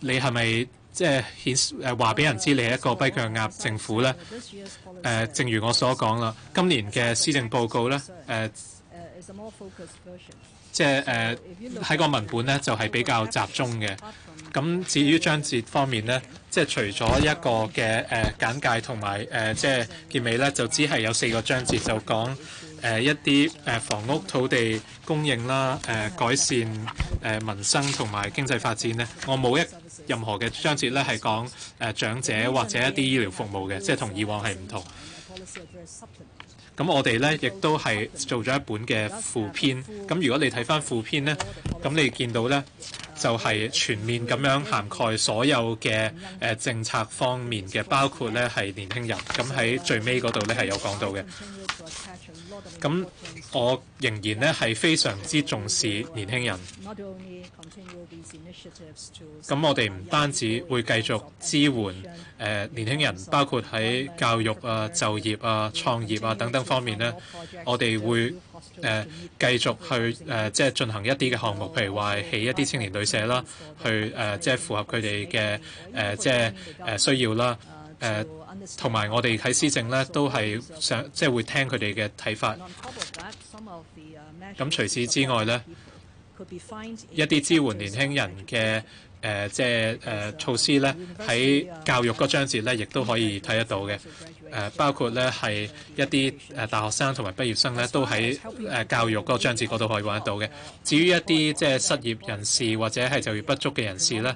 你係咪？即係顯示誒話俾人知你係一個跛腳鴨，鴨政府咧。誒、呃，正如我所講啦，今年嘅施政報告咧，誒、呃，即係誒喺個文本咧就係、係、比較集中嘅。咁至於章節方面咧，即係除咗一個嘅誒、呃、簡介同埋誒即係結尾咧，就只係有四個章節就講。誒、呃、一啲誒房屋土地供應啦，誒、呃、改善誒、呃、民生同埋經濟發展咧，我冇一任何嘅章節咧係講誒長者、或者一啲醫療服務嘅，即係同以往係唔同。咁我哋咧亦都係做咗一本嘅附篇。咁如果你睇翻附篇咧，咁你見到咧就係、是、全面咁樣涵蓋所有嘅誒政策方面嘅，包括咧係年輕人。咁喺最尾嗰度咧係有講到嘅。咁我仍然咧係非常之重視年輕人。咁我哋唔單止會繼續支援誒、呃、年輕人，包括喺教育啊、就業啊、創業啊等等方面咧，我哋會誒繼、呃、續去誒、呃、即係進行一啲嘅項目，譬如話起一啲青年旅社啦，去誒、呃、即係符合佢哋嘅誒即係誒、呃、需要啦。誒同埋我哋喺施政呢都係想即係會聽佢哋嘅睇法。咁除此之外呢，一啲支援年輕人嘅、呃、即係、呃、措施呢，喺教育嗰章節呢亦都可以睇得到嘅、呃。包括呢係一啲大學生同埋畢業生呢，都喺教育嗰章節嗰度可以揾得到嘅。至於一啲即係失業人士或者係就業不足嘅人士呢。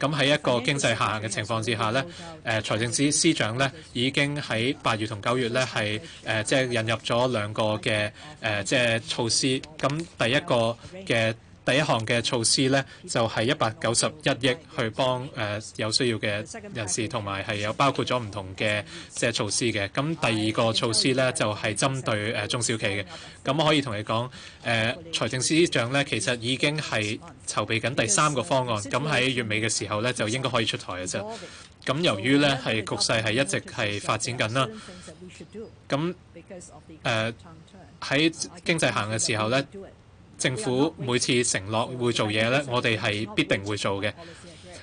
咁喺一個經濟下行嘅情況之下呢，呃、財政司司長呢已經喺八月同九月呢，係呃、即係引入咗兩個嘅、呃、即係措施，咁第一個嘅。第一項嘅措施呢，就係一百九十一億去幫、呃、有需要嘅人士，同埋係有包括咗唔同嘅措施嘅。咁第二個措施呢，就係、是、針對、呃、中小企嘅。咁我可以同你講，誒、呃、財政司長呢，其實已經係籌備緊第三個方案。咁喺月尾嘅時候呢，就應該可以出台嘅啫。咁由於呢，係局勢係一直係發展緊啦。咁喺、呃、經濟行嘅時候呢。政府每次承諾會做嘢呢，我哋係必定會做嘅。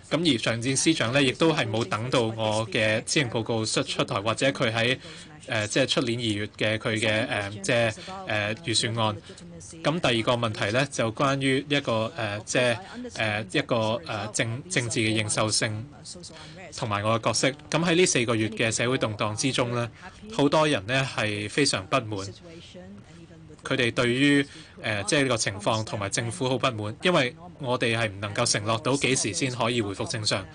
咁而上戰司長呢，亦都係冇等到我嘅施政報告出出台，或者佢喺、呃、即係出年二月嘅佢嘅即係、呃、預預算案。咁第二個問題呢，就關於一個、呃、即係、呃、一個政、呃、政治嘅認受性，同埋我嘅角色。咁喺呢四個月嘅社會動盪之中呢，好多人呢係非常不滿。佢哋對於誒即係呢個情況同埋政府好不滿，因為我哋係唔能夠承諾到幾時先可以回復正常。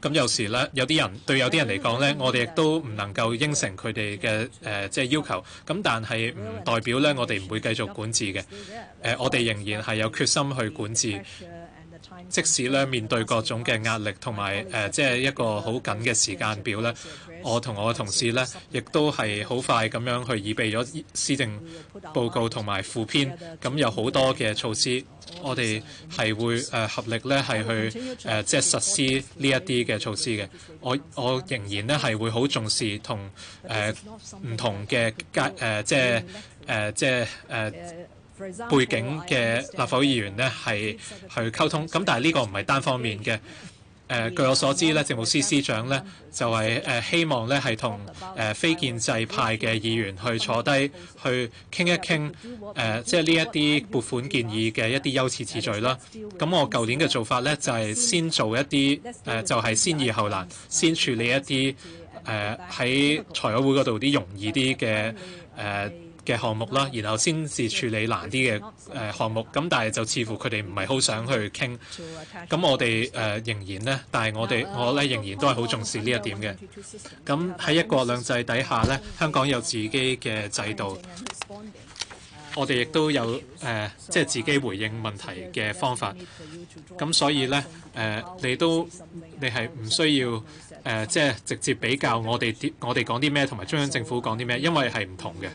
咁有時咧，有啲人對有啲人嚟講咧，我哋亦都唔能夠應承佢哋嘅誒即係要求。咁但係唔代表咧，我哋唔會繼續管治嘅。誒、呃，我哋仍然係有決心去管治，即使咧面對各種嘅壓力同埋誒即係一個好緊嘅時間表咧。我同我嘅同事咧，亦都係好快咁樣去擬備咗施政報告同埋附篇，咁有好多嘅措施，我哋係會誒合力咧係去誒、啊、即係實施呢一啲嘅措施嘅。我我仍然咧係會好重視、啊、不同誒唔同嘅階誒即係誒、啊、即係誒、啊、背景嘅立法會議員咧係去溝通。咁但係呢個唔係單方面嘅。 誒、呃、據我所知咧，政務司司長咧就係、是、誒、呃、希望咧係同誒、呃、非建制派嘅議員去坐低去傾一傾誒、呃，即係呢一啲撥款建議嘅一啲優次次序啦。咁我舊年嘅做法咧就係、是、先做一啲誒、呃，就係、是、先易後難，先處理一啲誒喺財委會嗰度啲容易啲嘅誒、呃嘅項目啦，然後先至處理難啲嘅誒項目，咁但係就似乎佢哋唔係好想去傾，咁我哋誒、呃、仍然呢，但係我哋我咧仍然都係好重視呢一點嘅。咁喺一國兩制底下呢，香港有自己嘅制度，我哋亦都有誒，即、呃、係、就是、自己回應問題嘅方法。咁所以呢，誒、呃、你都你係唔需要。呃、即係直接比較我哋啲，我哋講啲咩同埋中央政府講啲咩，因為係唔同嘅。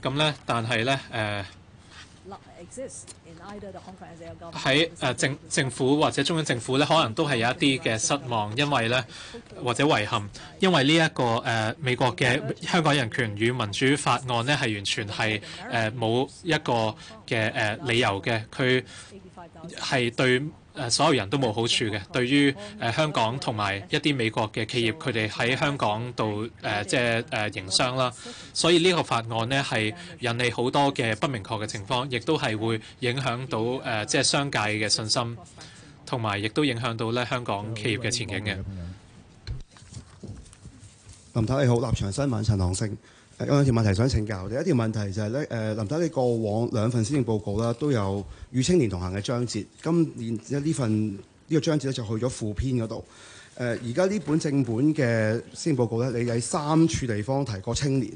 咁咧，但係咧，喺政、呃呃、政府或者中央政府咧，可能都係有一啲嘅失望，因為咧或者遺憾，因為呢、這、一個、呃、美國嘅香港人權與民主法案咧，係完全係誒冇一個嘅、呃、理由嘅，佢。係對誒所有人都冇好處嘅，對於誒香港同埋一啲美國嘅企業，佢哋喺香港度誒即係誒營商啦。所以呢個法案呢，係引起好多嘅不明確嘅情況，亦都係會影響到誒即係商界嘅信心，同埋亦都影響到咧香港企業嘅前景嘅。林太你好，立場新聞陳朗昇。有兩條問題想請教。第一條問題就係咧，誒林太，你過往兩份施政報告咧都有與青年同行嘅章節，今年呢份呢個章節咧就去咗附篇嗰度。誒而家呢本正本嘅施政報告咧，你喺三處地方提過青年，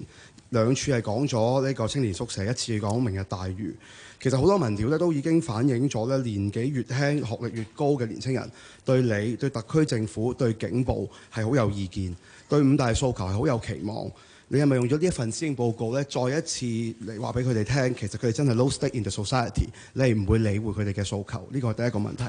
兩處係講咗呢個青年宿舍，一次講明日大嶼。其實好多民調咧都已經反映咗咧，年紀越輕、學歷越高嘅年輕人對你對特區政府對警部係好有意見，對五大訴求係好有期望。你係咪用咗呢一份施政報告咧，再一次嚟話俾佢哋聽，其實佢哋真係 lost in the society，你唔會理會佢哋嘅訴求？呢個係第一個問題。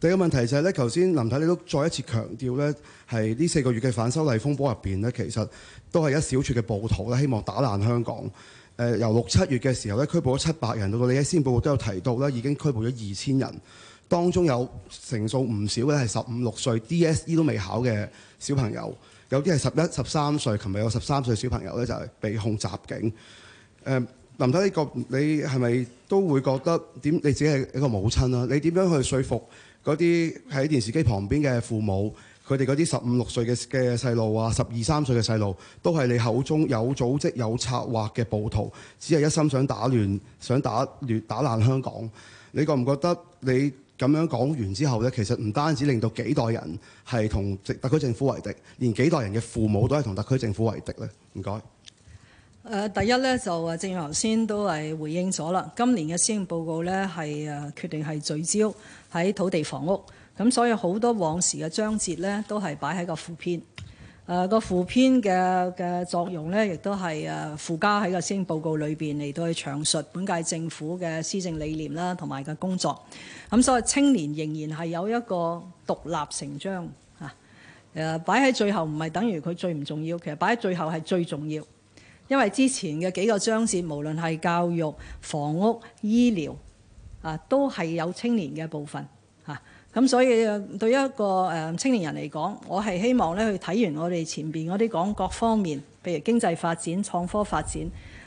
第二個問題就係咧，頭先林太你都再一次強調咧，係呢四個月嘅反修例風波入邊咧，其實都係一小撮嘅暴徒咧，希望打爛香港。呃，由六七月嘅時候咧，拘捕咗七百人，到你喺施政報告都有提到咧，已經拘捕咗二千人，當中有成數唔少嘅係十五六歲，DSE 都未考嘅小朋友。有啲係十一、十三歲，琴日有十三歲小朋友咧就係被控襲警。呃，林太，呢個，你覺你係咪都會覺得點？你自己係一個母親啊？你點樣去説服嗰啲喺電視機旁邊嘅父母，佢哋嗰啲十五六歲嘅嘅細路啊，十二三歲嘅細路，都係你口中有組織有策劃嘅暴徒，只係一心想打亂、想打亂、打爛香港？你覺唔覺得你？咁樣講完之後咧，其實唔單止令到幾代人係同特區政府為敵，連幾代人嘅父母都係同特區政府為敵咧。唔該。誒，第一咧就誒，正如頭先都係回應咗啦，今年嘅施政報告咧係誒決定係聚焦喺土地房屋，咁所以好多往時嘅章節咧都係擺喺個副篇。誒、啊、個附篇嘅嘅作用呢，亦都係誒附加喺個施政報告裏面，嚟到去詳述本屆政府嘅施政理念啦，同埋個工作。咁、啊、所以青年仍然係有一個獨立成章嚇、誒、擺喺最後，唔係等於佢最唔重要，其實擺喺最後係最重要。因為之前嘅幾個章節，無論係教育、房屋、醫療啊，都係有青年嘅部分。咁所以對一個誒青年人嚟講，我係希望咧去睇完我哋前面嗰啲講各方面，譬如經濟發展、創科發展，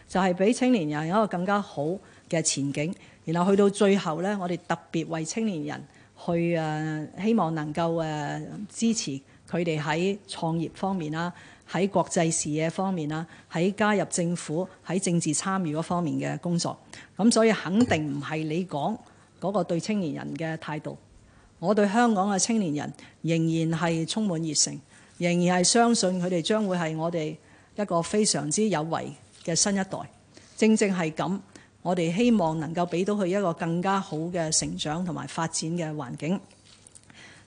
就係、是、俾青年人有一個更加好嘅前景。然後去到最後咧，我哋特別為青年人去誒希望能夠支持佢哋喺創業方面啦，喺國際事業方面啦，喺加入政府喺政治參與嗰方面嘅工作。咁所以肯定唔係你講嗰個對青年人嘅態度。我對香港嘅青年人仍然係充滿熱誠，仍然係相信佢哋將會係我哋一個非常之有為嘅新一代。正正係咁，我哋希望能夠俾到佢一個更加好嘅成長同埋發展嘅環境。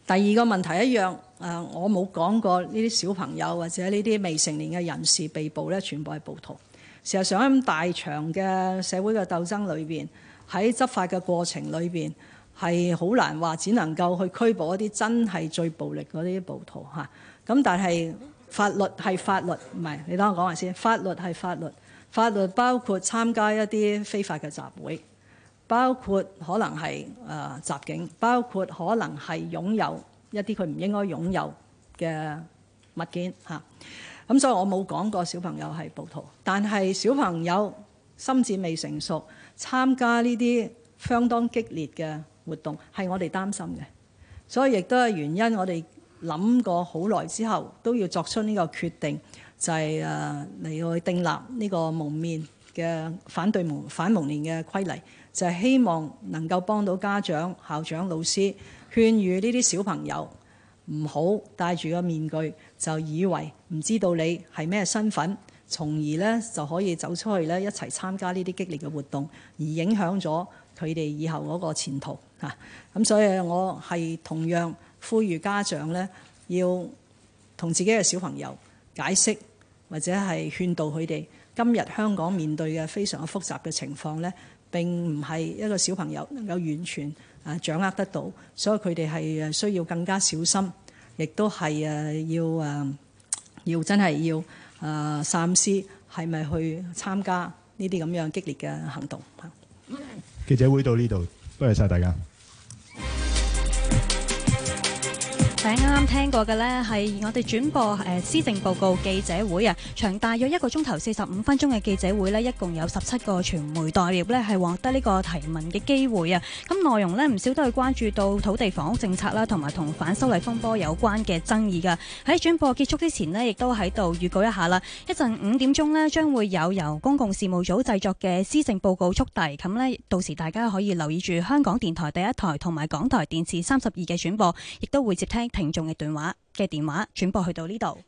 第二個問題一樣，誒，我冇講過呢啲小朋友或者呢啲未成年嘅人士被捕，呢全部係暴徒。事實上喺咁大場嘅社會嘅鬥爭裏邊，喺執法嘅過程裏邊，係好難話，只能夠去拘捕一啲真係最暴力嗰啲暴徒嚇。咁但係法律係法律，唔係你等我講下先。法律係法律，法律包括參加一啲非法嘅集會，包括可能係誒襲警，包括可能係擁有一啲佢唔應該擁有嘅物件嚇。咁所以我冇講過小朋友係暴徒，但係小朋友心智未成熟，參加呢啲相當激烈嘅活動係我哋擔心嘅，所以亦都係原因，我哋諗過好耐之後，都要作出呢個決定，就係誒嚟去訂立呢個蒙面嘅反對蒙反蒙面嘅規例，就係希望能夠幫到家長、校長、老師勸喻呢啲小朋友唔好戴住個面具，就以為唔知道你係咩身份，從而呢就可以走出去呢一齊參加呢啲激烈嘅活動，而影響咗佢哋以後嗰個前途。嚇、啊、咁所以，我係同樣呼籲家長呢，要同自己嘅小朋友解釋，或者係勸導佢哋，今日香港面對嘅非常嘅複雜嘅情況呢，並唔係一個小朋友能夠完全誒掌握得到，所以佢哋係需要更加小心，亦都係誒要誒、啊、要真係要誒、啊、三思，係咪去參加呢啲咁樣激烈嘅行動？記者會到呢度，多謝晒大家。誒啱啱聽過嘅呢，係我哋轉播誒施政報告記者會啊，長大約一個鐘頭四十五分鐘嘅記者會呢，一共有十七個傳媒代表呢係獲得呢個提問嘅機會啊。咁內容呢，唔少都係關注到土地房屋政策啦，同埋同反修例風波有關嘅爭議㗎。喺轉播結束之前呢，亦都喺度預告一下啦。一陣五點鐘呢，將會有由公共事務組製作嘅施政報告速遞，咁呢，到時大家可以留意住香港電台第一台同埋港台電視三十二嘅轉播，亦都會接聽聽眾嘅電話嘅電話，轉播去到呢度。